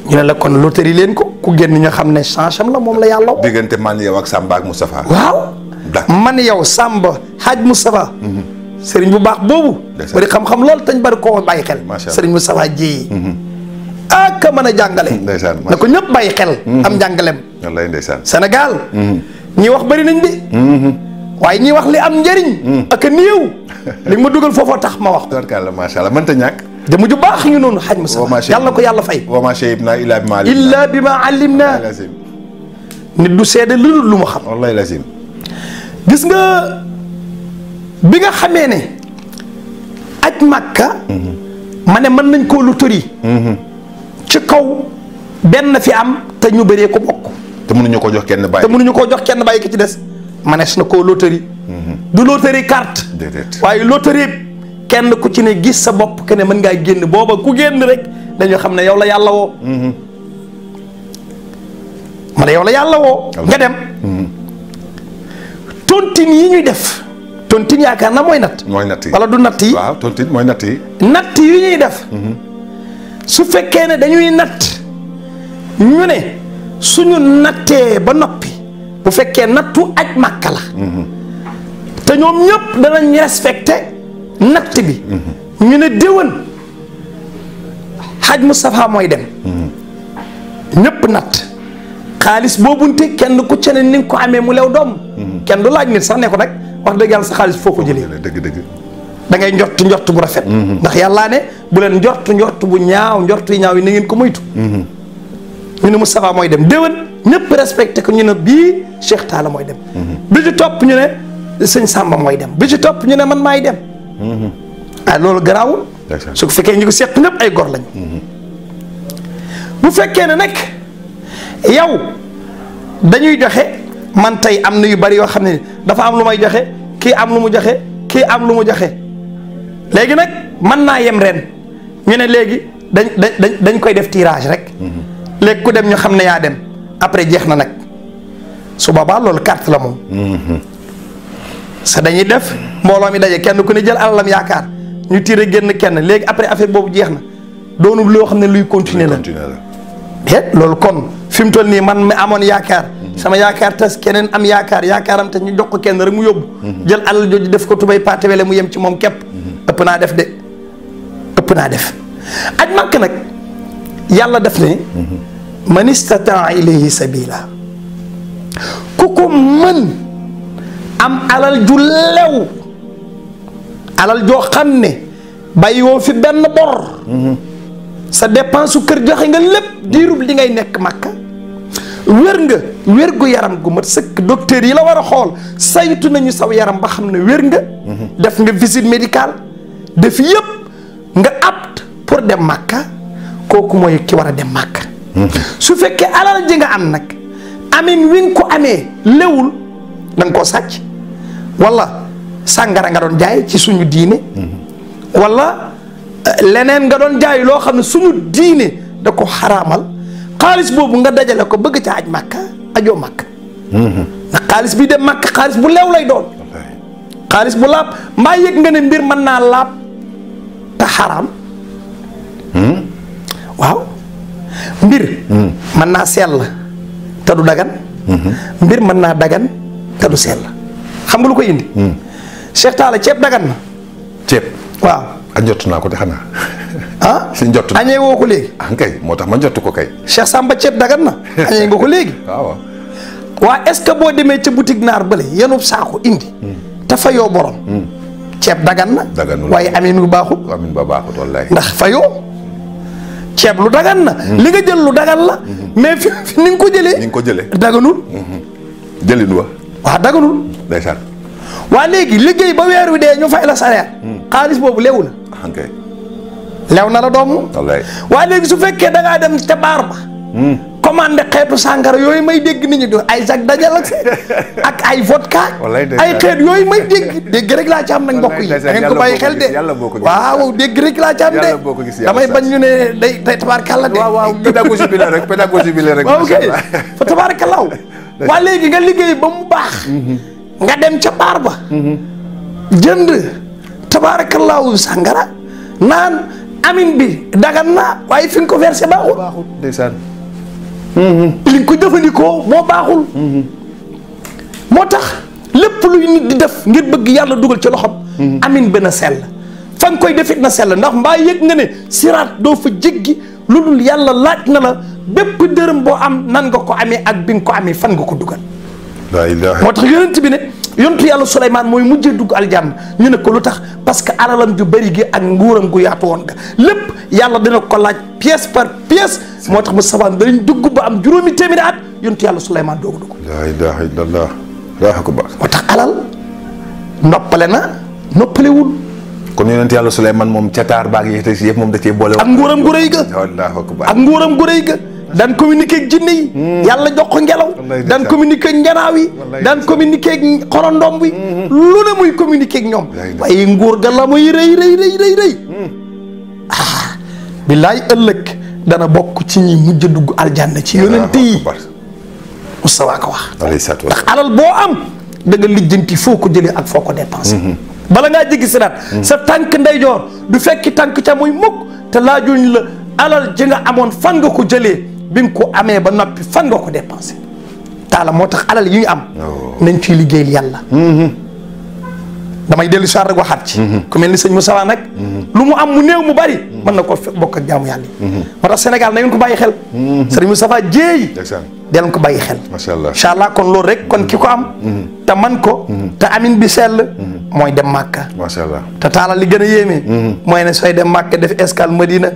ñu ne la kon loterie leen ko ku génn ñoo xam ne change am la moom la yàlla. diggante man yow ak Samba ak Moustapha. waaw man yow Samba Hadj Moustapha. sëriñ bu baax boobu. bari xam-xam lool tañ bari koo bàyyi xel. macha allah sëriñ Moustapha Dieye. Mm-hmm. ak ka mën a jàngale. ndeysaan na ko ñëpp bàyyi xel. Mm-hmm. am jàngaleem. wallaay ndeysaan Sénégal. Mm-hmm. ñi wax bari nañ de. waaye ñi wax li am njëriñ. ak a néew. li ma dugal foofu tax ma wax. tubarkàlla macha man mënta ñàkk. da mujj baax ñu noonu xaj ma sax yàlla ko yàlla fay. wa ma shayibna illa bi ma alimna illa bi nit du seede lu dul lu mu xam. wallaay lazim gis nga. bi nga xamee ne ak màkka ma ne mën nañ koo lu tëri ci kaw benn fi am te ñu bëree ko bokk te mënuñu koo jox kenn bàyyi mënuñu koo jox kenn bàyyi ki ci des manees na koo loterie du loterie carte waaye loterie kenn ku ci ne gis sa bopp que mën ngaa génn booba ku génn rek dañoo xam ne yow la yàlla woo ma ne yow la yàlla woo nga dem mm-hmm. tontine yi ñuy def tontine yaakaar na mooy natt. mooy natt wala du natt yi. mooy natt natt yu ñuy def. Mm-hmm. su fekkee ne dañuy natt ñu ne suñu nattee ba noppi bu fekkee nattu ak màkka la. Mm-hmm. te ñoom ñëpp danañ respecté natt bi. Mm-hmm. ñu ne déwén xaj Moustapha mooy dem. ñëpp natt xaalis boobunte kenn ku ci ne ni ko amee mu lew doom. kenn du laaj nit sax ne ko nag. wax dëgg yàlla sa xaalis foo ko jëlee dëgg dëgg da ngay njort njort bu rafet mm-hmm. ndax yàllaa ne bu leen njort njort bu ñaaw njort yi ñaaw yi na ngeen ko moytu mm-hmm. ñu ne Moustapha mooy dem déwén ñëpp respecté ko ñu ne bii Cheikh Talla mooy dem mm-hmm. bi ci topp ñu ne sëñ sàmma mooy dem bi ci topp ñu ne man maay dem ah loolu garaawul su fekkee ñu ko seq ñëpp ay gor lañu bu fekkee ne nag yow dañuy joxe man tey am na yu bari yoo xam ne dafa am lu may joxe kii am lu mu joxe kii am lu mu joxe léegi nag mën naa yem ren ñu ne léegi dañ dañ dañ koy def tirage rek mhm. léegi ku dem ñu xam ne yaa dem après jeex na nag su boobaa loolu carte la moom. Mhm. sa dañuy def mbooloo mi daje kenn ku ne jël alalam yaakaar ñu tiré génn kenn léegi après affaire boobu jeex na doonu loo xam ne luy continuer la. continuer la loolu kon fi mu toll nii man mi amoon yaakaar. sama yaakaar tas keneen am yaakaar yaakaaram tas ñu jox ko kenn rek mu yóbbu mhm. jël alal jooju def ko tubay paate mu yem ci moom képp mhm. ëpp naa def de ëpp naa def ak màkk nag yàlla def ne mhm. man istataa ilayhi sabila ku ko mën am alal ju lew alal joo xam ne bàyyiwoo fi benn bor sa dépense su kër joxe nga lépp diirub li ngay nekk makk wér nga wér gu yaram gu mat sëkk docteur yi la war a xool saytu nañu saw yaram ba xam ne wér nga. Mhm. def nga visite médical def yëpp nga apte pour dem màkka kooku mooy ki war a dem màkka. Mhm. su fekkee alal ji nga am nag amin wi nga ko amee lewul danga nga koo sàcc wala sàngara nga doon jaay ci suñu diine. Mhm. wala eh, leneen nga doon jaay loo xam ne suñu diine da ko xaraamal. xaalis boobu nga dajale ko bëgg ca aj màkka ajoo màkk ndax xaalis bii de màkk xaalis bu leew lay doon xaalis bu laab mbaa yëg nga ne mbir mën naa laab te xaraam waaw mbir mën naa sell te du dagan mbir mën naa dagan te du sell xam nga lu ko indi Cheikh Talla ceeb dagan na ceeb waaw. ah jot naa ko de xanaa. ah si jot naa añee woo ko léegi. ah kay moo tax ma jot ko kay. Cheikh Samba ceeb dagan na añee nga ko léegi. waa waaw ce que boo demee ca boutique naar bële yenub saako indi. Hmm. te fayoo borom. Hmm. ceeb dagan na. daganul waaye amin bu baaxul. ba baaxul wallaay. ndax fayoo. ceeb lu dagan na. Hmm. li nga jël lu dagan la. mais fi ni ko jëlee. ni nga ko jëlee daganul. jëlin wa. waaw daganul. waa léegi liggéey ba weer wi dee ñu fay la salaire. Hmm. xaalis boobu lew na. lew na la doomu. waa léegi su fekkee da ngaa dem ca baar ba. Hmm. commandé xeetu sàngara yooyu may dégg nit ñu du ay sac dajal ak ay vodka. ay xeet yooyu may dégg dégg rek laa ci am nañ mbokk yi. da ngeen ko bàyyi xel de waaw dégg rek laa ci am de. damay bañ ñu ne day day tabaarkalla de. waaw waaw pédagogie bi la rek pédagogie bi la rek. ok fa tabaarkalla waa léegi nga liggéey ba mu baax. Mm-hmm. nga dem ca baar ba jënd tabaarakallaahu sàngara naan amin bi dagan na waaye fi nga ko versé baaxul ndeysaan li nga ko jëfandikoo moo baaxul moo tax lépp luy nit di def ngir bëgg yàlla dugal ci loxoom amin bi na sell fa koy defit na sell ndax mbaa yëg nga ne siraat doo fa jéggi lu dul yàlla laaj na la bépp dërëm boo am nan nga ko amee ak bi nga ko amee fan nga ko dugal moo tax yonent bi ne yontu yàlla Souleymane mooy mujjee dugg aljanna ñu ne ko lu tax parce que alalam ju bari gi ak nguuram gu yaatu woon nga lépp yàlla dina ko laaj pièce par pièce moo tax mu sabaan danañ dugg ba am juróomi téeméeri at yontu yàlla Souleymane doogu dugg. laa ilaaha illallaah laa akbar moo tax alal noppale na noppalewul. kon yonent yàlla Souleymane moom ca taar baag yi yëpp moom da cee boole. ak nguuram gu rëy ga. ga. daan communiqué ak jinne yi hmm. yàlla jox ko ngelaw daan communiqué ak njanaaw yi daan communiqué ak xorondom bi hmm. lu ne muy communiqué ak ñoom waaye nguur ga la muy rëy rëy rëy rëy hmm. ah, billaay ëllëg dana bokk ci ñi mujj dugg aljanna ci yonent yi Moustapha ko wax ndax alal boo am da nga lijjanti foo ko jëlee ak foo ko dépensé bala ngaa jéggi siraat sa tànk ndeyjoor du fekki tànk ca muy mukk te laajuñ la alal ji nga amoon fan nga ko jëlee bi nga ko amee ba noppi fan nga ko dépensé taala moo tax alal yi ñu am oh. nañ ciy liggéeyal yàlla mm-hmm. damay dellu soir rek waxaat ci mm-hmm. ku mel ni sëñ Moussa nag mm-hmm. lu mu am mu néew mu bari mën na ko bokk ak jaamu yàlla yi moo tax Sénégal na ko bàyyi xel sëriñ Moussa jéey delen ko bàyyi xel macha allah kon loolu rek kon ki ko am te man ko te amin bi sell mooy dem màkka macha allah te taala li gën a yéeme mooy ne sooy dem màkka def escale Madina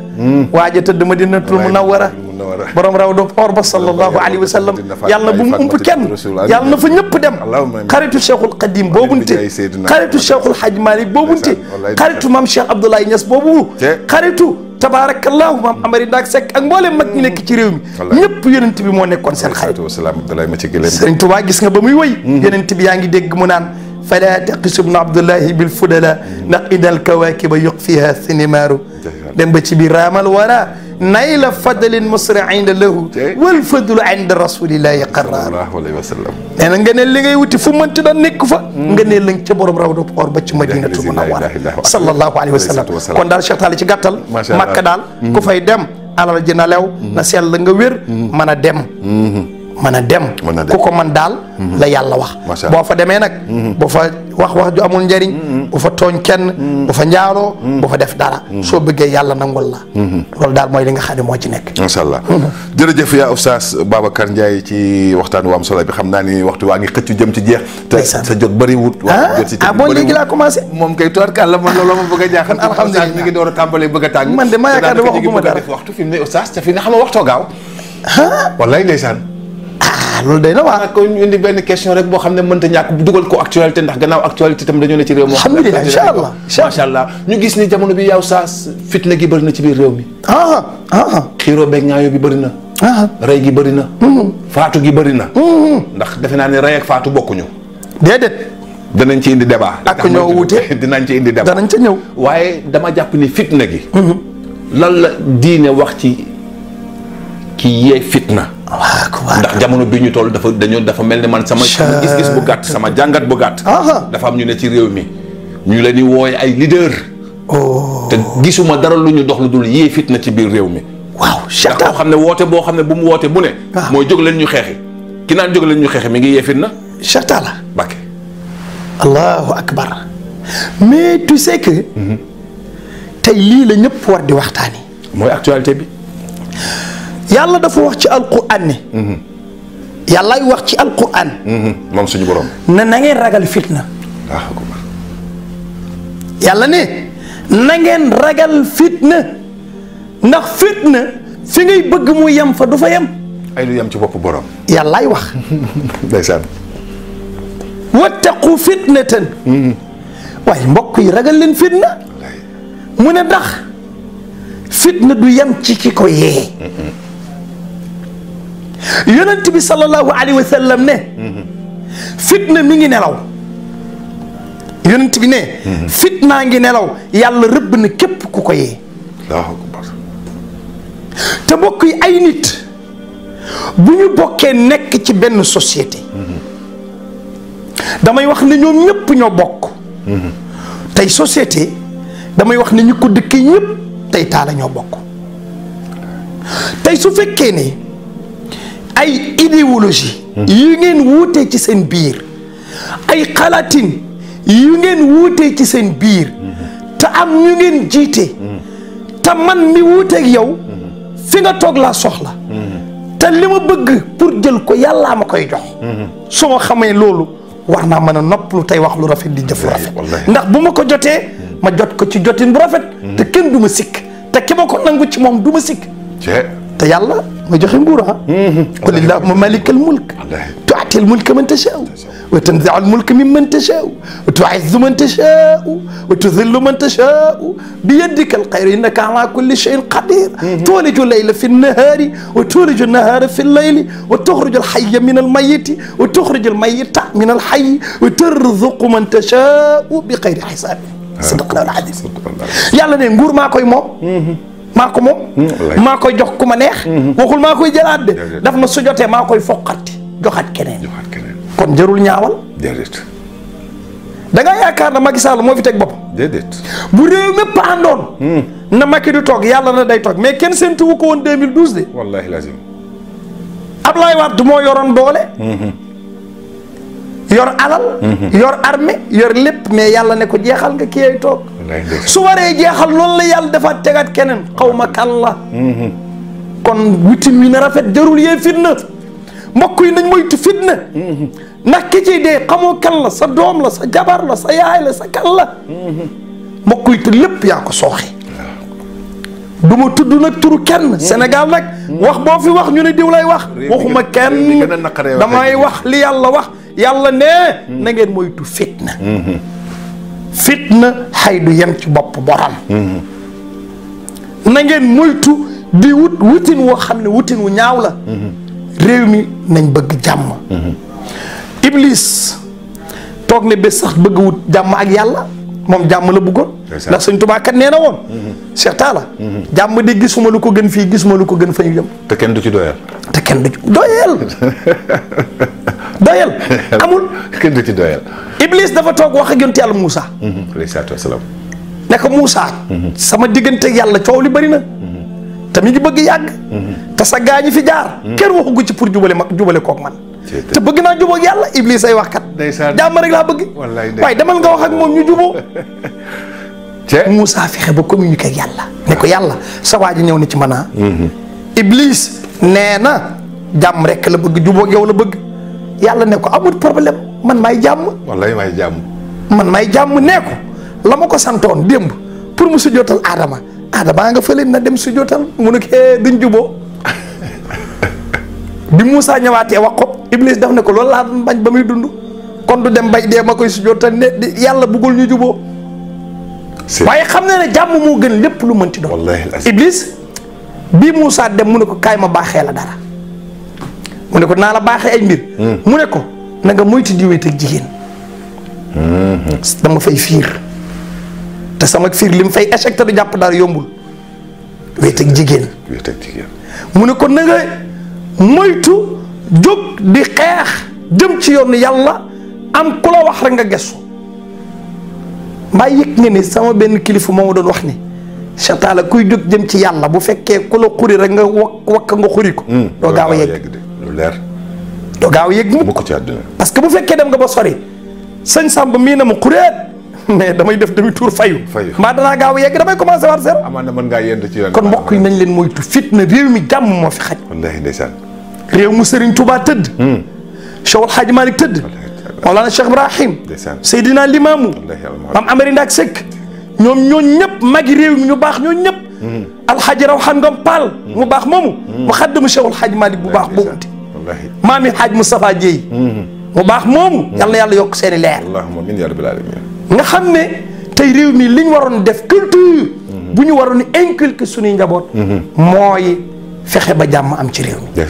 waaja tëdd Madina tul mu nawara borom raw do or ba sallallahu alayhi wa sallam yàlla bu mu ump kenn yàlla na fa ñëpp dem xaritu cheikhul qadim boobunte xaritu cheikhul haj malik boobunte xaritu maam cheikh abdoulaye ñas boobu xaritu tabarakallahu maam amari ndaak sekk ak mboolem mag ñi nekk ci réew mi ñëpp yonent bi moo nekkoon seen xarit sëriñ tubaa gis nga ba muy woy mhm. yonent bi yaa ngi dégg mu naan fala taqisu bnu abdullahi bil fudala mhm. ndax idal kawakiba yuq fiha sinimaaru dem ba ci biir raamal wara nayla fadlin musra inda lahu wal fadlu inda rasulillahi qaraar wa sallam nee na nga ne li ngay wuti fu mënti doon nekk fa hmm. nga ne la ca borom rawdu or ba ci madinatul munawwara sallallahu alayhi wa sallam kon daal Cheikh Talla ci gàttal Makka daal ku hmm. fay dem alal ji na lew na sell nga wér hmm. mën a dem mën a dem ku ko man daal mhm. la yàlla wax boo fa demee nag mhm. bu fa wax wax ju amul njëriñ mhm. bu fa tooñ kenn bu fa njaaloo bu fa def dara soo bëggee yàlla nangul la loolu daal mooy li nga xam moo ci nekk macha jërëjëf yaa oustaz Babacar Ndiaye ci waxtaan wu am solo bi xam naa ni waxtu waa ngi xëccu jëm ci jeex te sa jot bëriwut ah, ah bon léegi laa commencé moom kay tubaarkàlla man loolu ma bëgg a jaaxal alhamdulilah mi ngi door a tàmbalee bëgg a tàng man de ma yaakaar ne waxu ma dara waxtu fi mu ne oustaz te ah loolu day na waa. kon ñu indi benn question rek boo xam ne mënta ñàkk dugal ko actualité ndax gannaaw actualité tam dañoo ne ci réew mi. alhamdulilah incha allah macha allah ñu gis ni jamono bi yow saa fitna gi bëri na ci biir réew mi. ah ah. xiiroo beeg ñaayo bi bëri na. ah rey gi bëri na. faatu gi bëri na. ndax defe naa ne rey ak faatu bokkuñu. déedéet. danañ ci indi débat. ak ñoo wute dinañ ci indi débat danañ ca ñëw. waaye dama jàpp ni fitna gi. lan la diine wax ci ki yee fitna. ndax jamono bi ñu toll dafa dañoo dafa mel ni man sama sama gis-gis bu gàtt sama jàngat bu gàtt dafa am ñu ne ci réew mi ñu leen di wooye ay leader oh. te gisuma dara lu ñu dox lu dul yee na ci biir réew mi waaw ndax xam ne woote boo xam ne bu mu woote bu ne ah. mooy jóg leen ñu xeexi ki naan jóg leen ñu xeexi mi ngi yee fitna chata la bàkke allahu akbar mais tu sais mhm. tey lii la ñëpp war di waxtaani mooy actualité bi yàlla dafa wax ci alquran ne. Mhm. yàllaay wax ci alquran. Mhm. moom suñu borom. ne na ngeen ragal fitna. yàlla ne nangeen ngeen ragal fitna ndax fitna fi ngay bëgg mu yem fa du fa yem. ay lu yem ci bopp borom. yàllaay wax. ndeysaan. wattaqu fitnatan. Mhm. waaye mbokk yi ragal leen fitna. mu ne ndax fitna du yem ci ki ko yee. yonent bi sallallahu alayhi wa sallam ne fitna mi ngi nelaw yonent bi ne fitnaa ngi nelaw yàlla rëbb na képp ku ko yee te bokk yi ay nit bu ñu bokkee nekk ci benn société damay wax ne bokk tey société damay wax ne ñu ko dëkk ñëpp tey taala ñoo bokk tey su fekkee ne ay idéologie yi ngeen wuutee ci seen biir ay xalaatin yu ngeen wuutee ci seen biir te am ñu ngeen jiite te man mi wuuteeg yow fi nga toog laa soxla te li ma bëgg pour jël ko yàllaa ma koy jox su ma xamee loolu war naa mën a noppalu tey wax lu rafet di jëf lu rafet ndax bu ma ko jotee ma jot ko ci jotin bu rafet te kenn du ma sikk te ki ma ko nangu ci moom du ma sikk te yàlla mooy joxe nguur ah. Mm-hmm. qul allahumma malika al-mulk tu'ti al-mulka man tasha'u wa tanzi'u al-mulka mimman tasha'u wa tu'izzu man tasha'u wa tudhillu man tasha'u biyadika al-khayr innaka 'ala kulli shay'in qadir mm-hmm. tuliju al-layla fi an-nahari wa tuliju an-nahara fi al-layli wa tukhriju al-hayya min al-mayyiti wa tukhriju al-mayyita min al-hayyi wa tarzuqu man tasha'u bi ghayri hisab. Ah. Sadaqallahu al-'azim. yàlla ne nguur maa koy moom. Mm-hmm. maa ko moom mm, maa koy jox ku ma neex mm-hmm. waxul maa koy jëlaat de daf na su jotee maa koy foqati joxaat keneen kon jarul ñaawal déedéet da ngaa yaakaar na Macky moo fi teg bopp déedéet bu réew mépp àndoon mm. na Macky du toog yàlla na day toog mais kenn séentu wu ko woon 2012 de wallaahi lazim Ablaye Wade moo yoroon doole mm-hmm. yor alal. Mhm. yor armée yor lépp mais yàlla ne ko jeexal nga kii ay toog. su waree jeexal loolu la yàlla defaat tegaat keneen xaw ma kan la. kon wutin wi na rafet jarul yee fitna mbokk yi nañ moytu fitna. Mhm. ndax ki ci dee xamoo kan la sa doom la sa jabar la sa yaay la sa kan la. Mhm. mbokk yi lépp yaa ko sooxe. du ma tudd nag turu kenn Sénégal nag. wax boo fi wax ñu ne diw lay wax. waxuma kenn damay wax li yàlla wax. yàlla ne nangeen moytu fitna mm-hmm. fitna xay du yem ci bopp borom na ngeen moytu di wut wutin woo xam ne wutin wu ñaaw la mm-hmm. réew mi nañ bëgg jàmm mm-hmm. iblis toog ne bés sax bëgg wut jàmm ak yàlla moom jàmm la bëggoon ndax sëñ Tuubaa kat nee na woon Seex mhm. Taala mhm. jàmm de gisuma lu ko gën fii gisuma lu ko gën fa ñu jëm te kenn du ci doyal te kenn du ci doyal doyal amul kenn du ci doyal Iblis dafa toog wax ak yonent yàlla Moussa mhm. alayhi salaatu ne ko Moussa sama diggante yàlla coow li bëri na te mi ngi bëgg yàgg te sa gaañi fi jaar kenn waxu ko ci pour jubale mag jubale kook man te bëgg naa jubóog yàlla Iblis ay wax kat. ndeysaan jàmm rek laa bëgg. waaye demal nga wax ak moom ñu jubóo. te Moussa fexe ba communiquer ak yàlla. ne ko yàlla sa waa ñëw na ci mën a. Ah. Mm-hmm. Iblis nee na jàmm rek la bëgg juboo yow la bëgg yàlla ne ko amul problème man maay jàmm. wallaay maay jàmm. man maay jàmm nee ko la ma ko santoon démb pour mu sujjootal Adama Adama nga fële na dem sujjootal mu ne ko eh, duñ juboo bi Moussa ñëwaatee wax ko. Iblis daf ne ko loolu laa doon bañ ba muy dund kon du dem bay dee ma koy sujjóot te ne yàlla bëggul ñu juboo waaye xam na ne jàmm moo gën lépp lu mënti doon Iblis bii Moussa dem mu ne ko kaay ma baaxee la dara mu ne ko naa la baaxee ay mbir hmm. mu ne ko na nga moytu di wéet jigéen hmm. dama fay fiir te sama fiir li mu fay échec te jàpp dara yombul wéet ak moytu jóg di xeex jëm ci yoonu yàlla am ku la wax rek nga gesu mbaa yëg nga ni sama benn kilifa moo ma doon wax ni sataala kuy jóg jëm ci yàlla bu fekkee ku la xuri rek nga wakk wakk nga xuri ko hmm, doo gaaw a yegg lu leer doo gaaw a yegg mukk parce que bu fekkee dem nga ba sori sëñ Samba mii na ma xureet mais damay def demi tour fayu mbaa danaa gaaw a yegg damay commencé war seer amaan na mën ngaa kon mbokk yi nañ leen moytu fitna réew mi jàmm moo fi xaj wallaahi ndeysaan réew mu sëriñ Touba tëdd. Hmm. Cheikh El Hadj Malick tëdd. Mawlana Cheikh Ibrahim. Seydina Limamou. maam Amary Ndack Seck. ñoom ñoo ñëpp magi réew mi ñu baax ñoo ñëpp. Hmm. alxaaji Rawaan Ngom Paal. Hmm. mu baax moomu. mu xaddamu Cheikh El Hadj Malick bu baax boobu te. maami Hadj Moustapha mu baax moomu. yàlla yàlla yokk seen i leer. allahumma amiin yaa rabbal nga xam ne tey réew mi li waroon def culture. bu ñu waroon inculquer suñuy njaboot. mooy fexe ba jàmm am ci réew mi.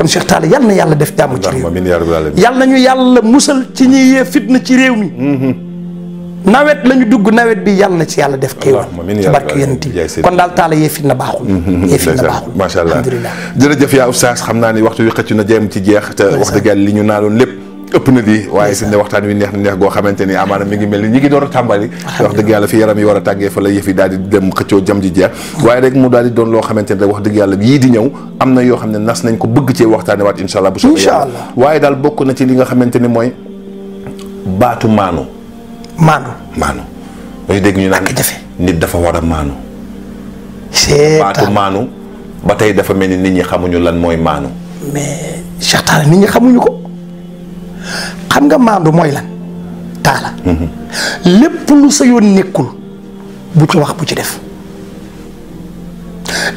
kon Cheikh Talla yal na yàlla def jàmm ci réew mi yal nañu yàlla musal ci ñi yee fitna ci réew mi mm-hmm. nawet la ñu dugg nawet bi yàlla na ci yàlla def xéewal ci barke yonent bi kon daal taala yee fitna baaxul mm-hmm. yee fitna baaxul macha allah alhamdulilah jërëjëf yaa oustaz xam naa ni waxtu wi xëcc na jéem ci jeex te wax dëgg li ñu naaloon lépp ëpp na lii waaye suñ ne waxtaan wi neex na neex goo xamante ni amaana mi ngi mel ni ñi ngi door a tàmbali wax dëgg yàlla fi yaram yi war a tàngee fa la yëf yi daal di mu daal di doon loo xamante wax dëgg di ñëw am na yoo xam ne nas nañ ko bëgg cee waxtaane waat incha allah bu soobee yàlla waaye daal bokk na ci li nga xamante ni mooy baatu maanu maanu maanu dañu dégg ñu naan nit dafa war a maanu baatu maanu ba tey dafa mel ni nit ñi xamuñu lan mooy maanu mais Cheikh Talla nit ñi xamuñu ko xam nga maandu mooy lan taala mhm. lépp lu sa yoon nekkul bu ci wax bu ci def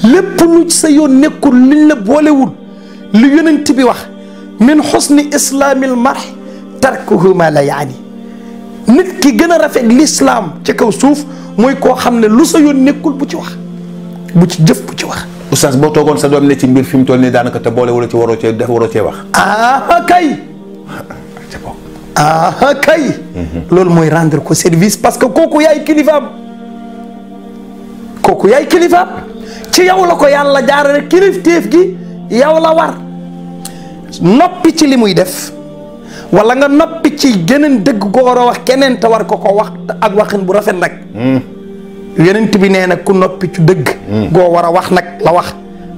lépp lu sa yoon nekkul liñ la boolewul lu yonent bi wax min xusni islaamil marh tarkuhu ma la yaani nit ki gën a rafet lislaam ci kaw suuf mooy koo xam ne lu sa yoon nekkul bu ci wax bu ci jëf bu ci wax oustaz boo toogoon sa doom ne ci mbir fi mu toll nii daanaka te boole wala ci waroo cee def waroo cee wax ah, kay ah kay. loolu mooy rendre ko service parce que kooku yaay kilifaam kooku yaay kilifaam ci yaw la ko yàlla jaarale kilifteef gi yow la war noppi ci li muy def wala nga noppi ci geneen dëgg ko war a wax keneen te war ko ko wax ak waxin bu rafet nag. yeneen bi nee na ku noppi ci dëgg. Mm. goo war a wax nag la wax.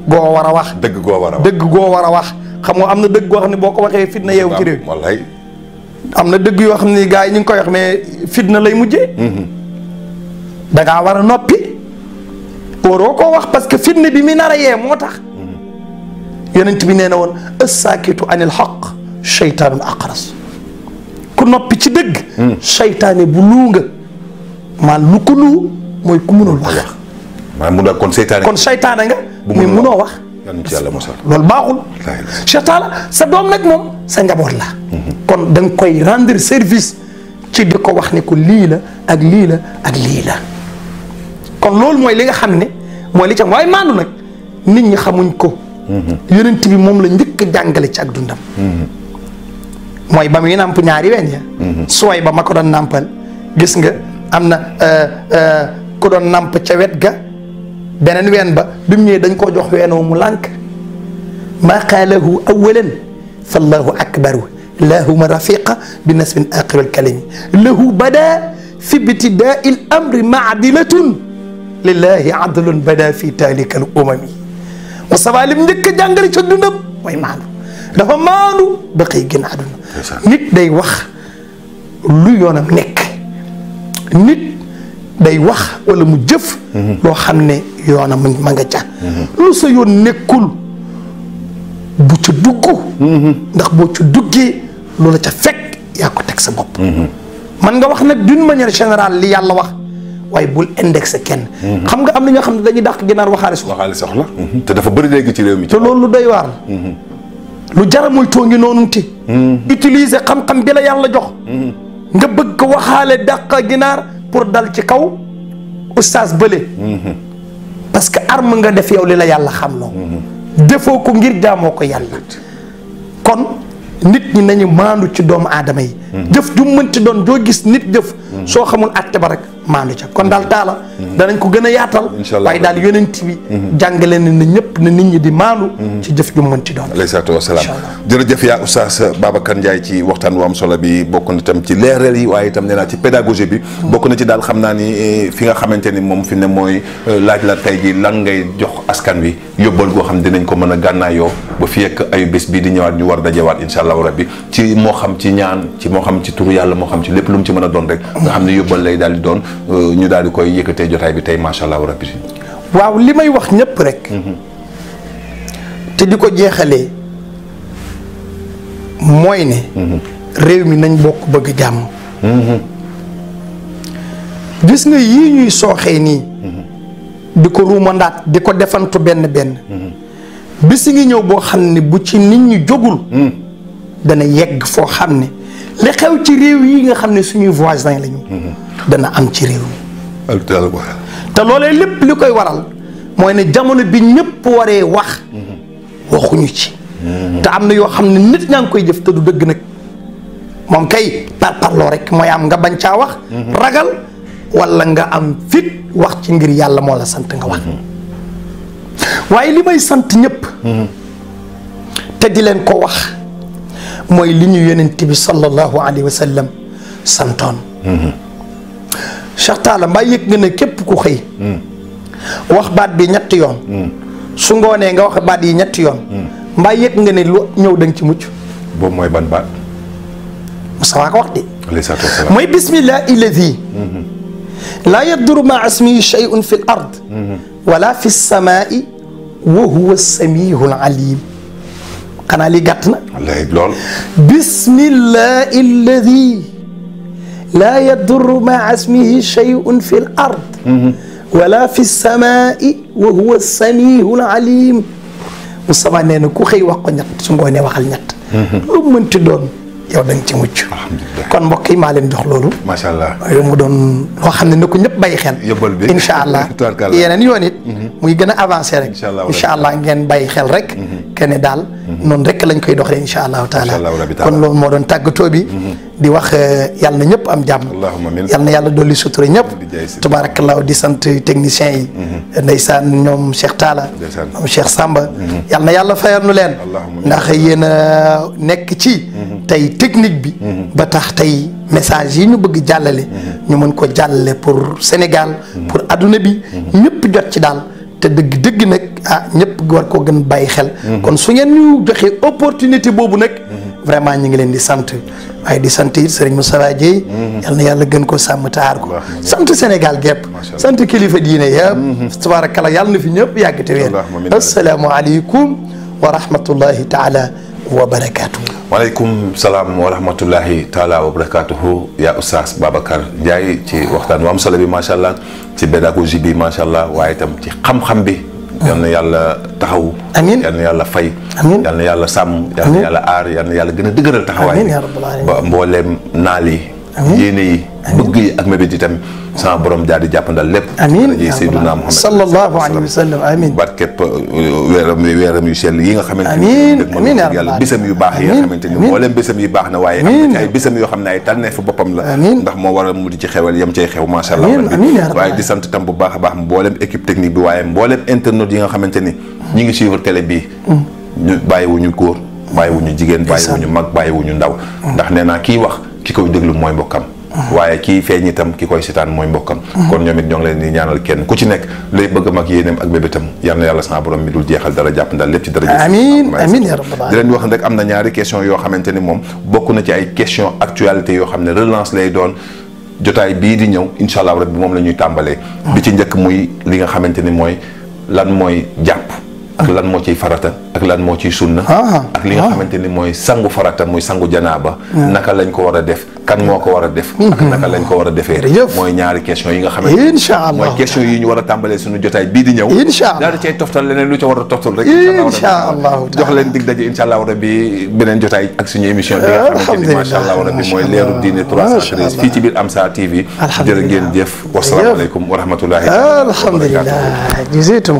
goo war a wax dëgg goo war a wax dëgg goo war a wax. xam nga am na dëgg goo xam ne boo ko waxee fitna yeewu ci réew wallaay am na dëgg yoo xam ne gars yi ñu ngi koy wax mais fitna lay mujjee mhm. da war a noppi waroo koo wax parce que fitna bi mi nar a yee moo tax mhm. yonent bi nee na woon assaakitu anil xaq cheytaanul aqras ku noppi ci dëgg cheytaane mhm. bu luu nga maan lu ko luu mooy ku munul wax kon seytaane kon seytaane nga mais munoo wax yàlla mosal loolu baaxul. Cheikh Talla sa doom nag moom sa njaboot la. kon danga koy rendre service ci di ko wax ne ko lii la ak lii la ak lii la kon loolu mooy li nga xam ne mooy li ci am waaye maandu nag nit ñi xamuñ ko. yonent bi moom la njëkk a jàngale ci ak dundam. mooy ba muy nàmp ñaari weñ ya suway ba ma ko doon nàmpal gis nga am na euh, euh, ku doon nàmp ca wet ga. beneen ween ba bi mu ñëwee dañ koo jox weenoo mu lànk maa qaalahu awalan fallahu akbaru lahuma rafiqa bi nasbin aaxiru alkalimi lahu bada fi ibtidaai l amri maadilatun lillahi adlun bada fi taalika al umami Moustapha lim njëkk a jàngale ca dundam mooy maandu dafa maandu ba nit day wax lu yoonam nekk nit day wax wala mu jëf. Mhm. loo xam ne yoona ma nga ca. loolu mhm. sa yoon nekkul bu ca dugg. Mhm. ndax boo ca duggee loola ca fekk yaa ko teg sa bopp. man nga wax nag d'une manière générale li yàlla wax waaye bul index indexé kenn. xam nga am na ñoo xam ne dañuy dàq ginaar waxaale soxla. waxaale soxla te dafa bëri léegi ci réew mi. te loolu lu doy waar. lu jar a moytoo ngi noonu te. utiliser xam-xam bi la yàlla jox. nga bëgg ko waxaale dàq ginaar. pour dal ci kaw oustaz bële. parce que arme nga def yow li la yàlla xam loo defoo ko ngir jaamoo ko yàlla kon nit ñi nañu maandu ci doomu aadama yi jëf ju mënti doon joo gis nit jëf soo xamul àtte ba rek maandu ca kon daal taala mm-hmm. danañ ko gën a yaatal waaye daal yonent bi mm-hmm. jàngale na ne ñëpp ne nit ñi di maandu mm-hmm. ci jëf ju mën ci doon alayhi salaatu a jërëjëf yaa sa Babacar Ndiaye ci waxtaan wu am solo bi bokk na tam ci leeral yi waaye itam nee naa ci pédagogie bi bokk na ci daal xam naa ni eh, fi nga xamante ni moom fi ne mooy eh, laaj la tey ji lan ngay jox askan wi yóbbal goo xam dinañ ko mën a gànnaayoo ba fi yekk ayu bés bii di ñëwaat ñu war dajewaat insha allahu rabbi ci moo xam ci ñaan ci moo xam ci turu yàlla moo lu mu ci mën a doon rek nga xam ne yóbbal lay daal Euh, ñu daal di koy yëkkatee jotaay bi tey macha allah rabbi waaw li may wax ñëpp rek. Mm-hmm. te di ko jeexalee mooy ne. Mm-hmm. réew mi nañ bokk bëgg jàmm. Mm-hmm. gis nga yii ñuy sooxee nii. di ko ruumandaat di ko defantu benn benn. bis ngi ñëw boo xam ne bu ci nit ñi jógul. Mm. dana yegg foo xam ne. li xew ci réew yi nga xam ne suñuy voisins lañu. Mm-hmm. dana am ci réew mi. te loolee lépp li koy waral mooy ne jamono bi ñëpp waree wax. Mm-hmm. waxuñu ci. Mm-hmm. te am na yoo xam ne nit ñaa ngi koy jëf te du dëgg nag moom kay par parloo rek mooy am nga bañ caa wax. ragal wala nga am fit wax ci ngir yàlla moo la sant nga wax. waaye li may sant ñëpp. te di leen ko wax. mooy li ñu yonent bi sallallahu alayhi wa sallam santoon. Cheikh mbaa yëg nga ne képp ku xëy. wax baat bi ñett yoon. su ngoonee nga wax baat yi ñetti yoon. mbaa yëg nga ne lu ñëw da ci mucc. boobu mooy ban baat. Moussa ko wax de. mooy bismillah illadi. laa yaduru maa ismihi shay'un fi ard. Mhm. wala fi samaai wa huwa samiihu l xanaa lii gàtt na. wallaay lool. bismillahi alladi laa yadurru maa asmihi shay'un fi l ard. wala fi samaai wa huwa samiiul aliim. Moustapha nee na ku xëy wax ko ñett su ngoonee waxal ñett. Mhm. lu mënti doon yow da nga ci mucc. alhamdulilah kon kii maa leen jox loolu. macha allah yow mu doon loo xam ne na ko ñëpp bàyyi xel. yóbbal bi incha allah yeneen yoon it. Mhm. muy gën a avancé rek. incha allah xel rek. Mhm. kenn daal. Mhm. noonu rek lañ koy doxee incha allahu taala kon loolu moo doon tàggatoo bi. di wax eh, yàlla na ñëpp am jàmm. yàlla na yàlla dolli sutura ñëpp. tubaarakallaahu di sant techniciens yi. ndeysaan ñoom Cheikh Talla. ñoom Cheikh Samba. yàlla na yàlla fayal nu leen. ndax yéen a nekk ci. tey technique bi. ba tax tey. message yi ñu bëgg jàllale ñu mën ko jàllale pour Sénégal pour adduna bi ñëpp jot ci daal te dëgg dëgg nag ah ñëpp war koo gën bàyyi xel kon su ngeen ñu joxee opportunité boobu nag vraiment ñu ngi leen di sant waaye di sant it Serigne Moustapha Dieye yal na yàlla gën ko sàmm taar ko sant Sénégal gépp sant kilifa diine yëpp tabaarkalla yàlla na fi ñëpp yàgg te wér asalaamaaleykum wa rahmatullahi taala wa barakaatu. waaleykum salaam wa rahmatullahi taala wa barakaatuhu yaa Oustaz Babacar Ndiaye ci waxtaan wu am solo bi macha allah ci pédagogie bi macha allah waaye tam ci xam-xam bi. yal na yàlla taxaw. amiin yàlla fay. amiin yal na yàlla sàmm. amiin yal yàlla aar yal na yàlla gën a dëgëral taxawaay. amiin yaa rabbal yéene yi bëgg yi ak mébét itam sama borom daal di jàpp jàppandal lépp sa Seydina Muhammad sallallahu alayhi wa sallam amiin barkeb euh, weeram weeram yu sell yi nga xamante ni dëgg ma yàlla bisam yu baax yi nga xamante ni mboolem bisam yi baax na waaye am na ay xam ne ay tànneefu boppam la ndax moo a mu di ci xewal yam cay xew macha allah waaye di sant tam bu baax a baax mboolem équipe technique bi waaye mboolem internautes yi nga xamante ni ñi ngi suivre télé bii mm. ñu bàyyiwuñu góor bàyyiwuñu jigéen bàyyiwuñu mag ñu ndaw mm. ndax nee naa kii wax ki koy déglu mooy mbokkam ah. waaye kii feeñ itam ki koy sitaan mooy mbokkam ah. kon ñoom it ñoo leen di ñaanal kenn ku ci nekk lay bëgg mag yéeneem ak bébétam yal na yàlla sama borom mi dul jeexal dara jàpp ndal lépp ci dara amiin amiin yaa rabbal di leen wax rek am na ñaari question yoo xamante ni moom bokk na ci ay question actualité yoo xam ne relance lay doon jotaay bii di ñëw incha allah rabbi moom la ñuy tàmbalee ah. bi ci njëkk muy li nga xamante ni mooy lan mooy jàpp ak lan moo ciy farata ak lan moo ciy sunna ah. ak li nga ah. xamante ni mooy sangu farata muy sangu janaaba ah. naka lañ ko war a def kan moo ko war a def ak mm-hmm. naka lañ ko war a defee mooy ñaari question yi nga xamante ni incha allah mooy question yi ñu war a tàmbalee suñu jotaay bii di ñëw incha allah daal di cay toftal leneen lu ca war a toftal rek incha allah jox leen dig daje incha allah rabbi beneen jotaay ak suñu émission bi nga xamante ni macha allah rabbi mooy leeru diine 313 fii ci biir Amsa TV jërë ngeen jëf wasalaamaaleykum wa rahmatullahi alhamdulillah jazaytum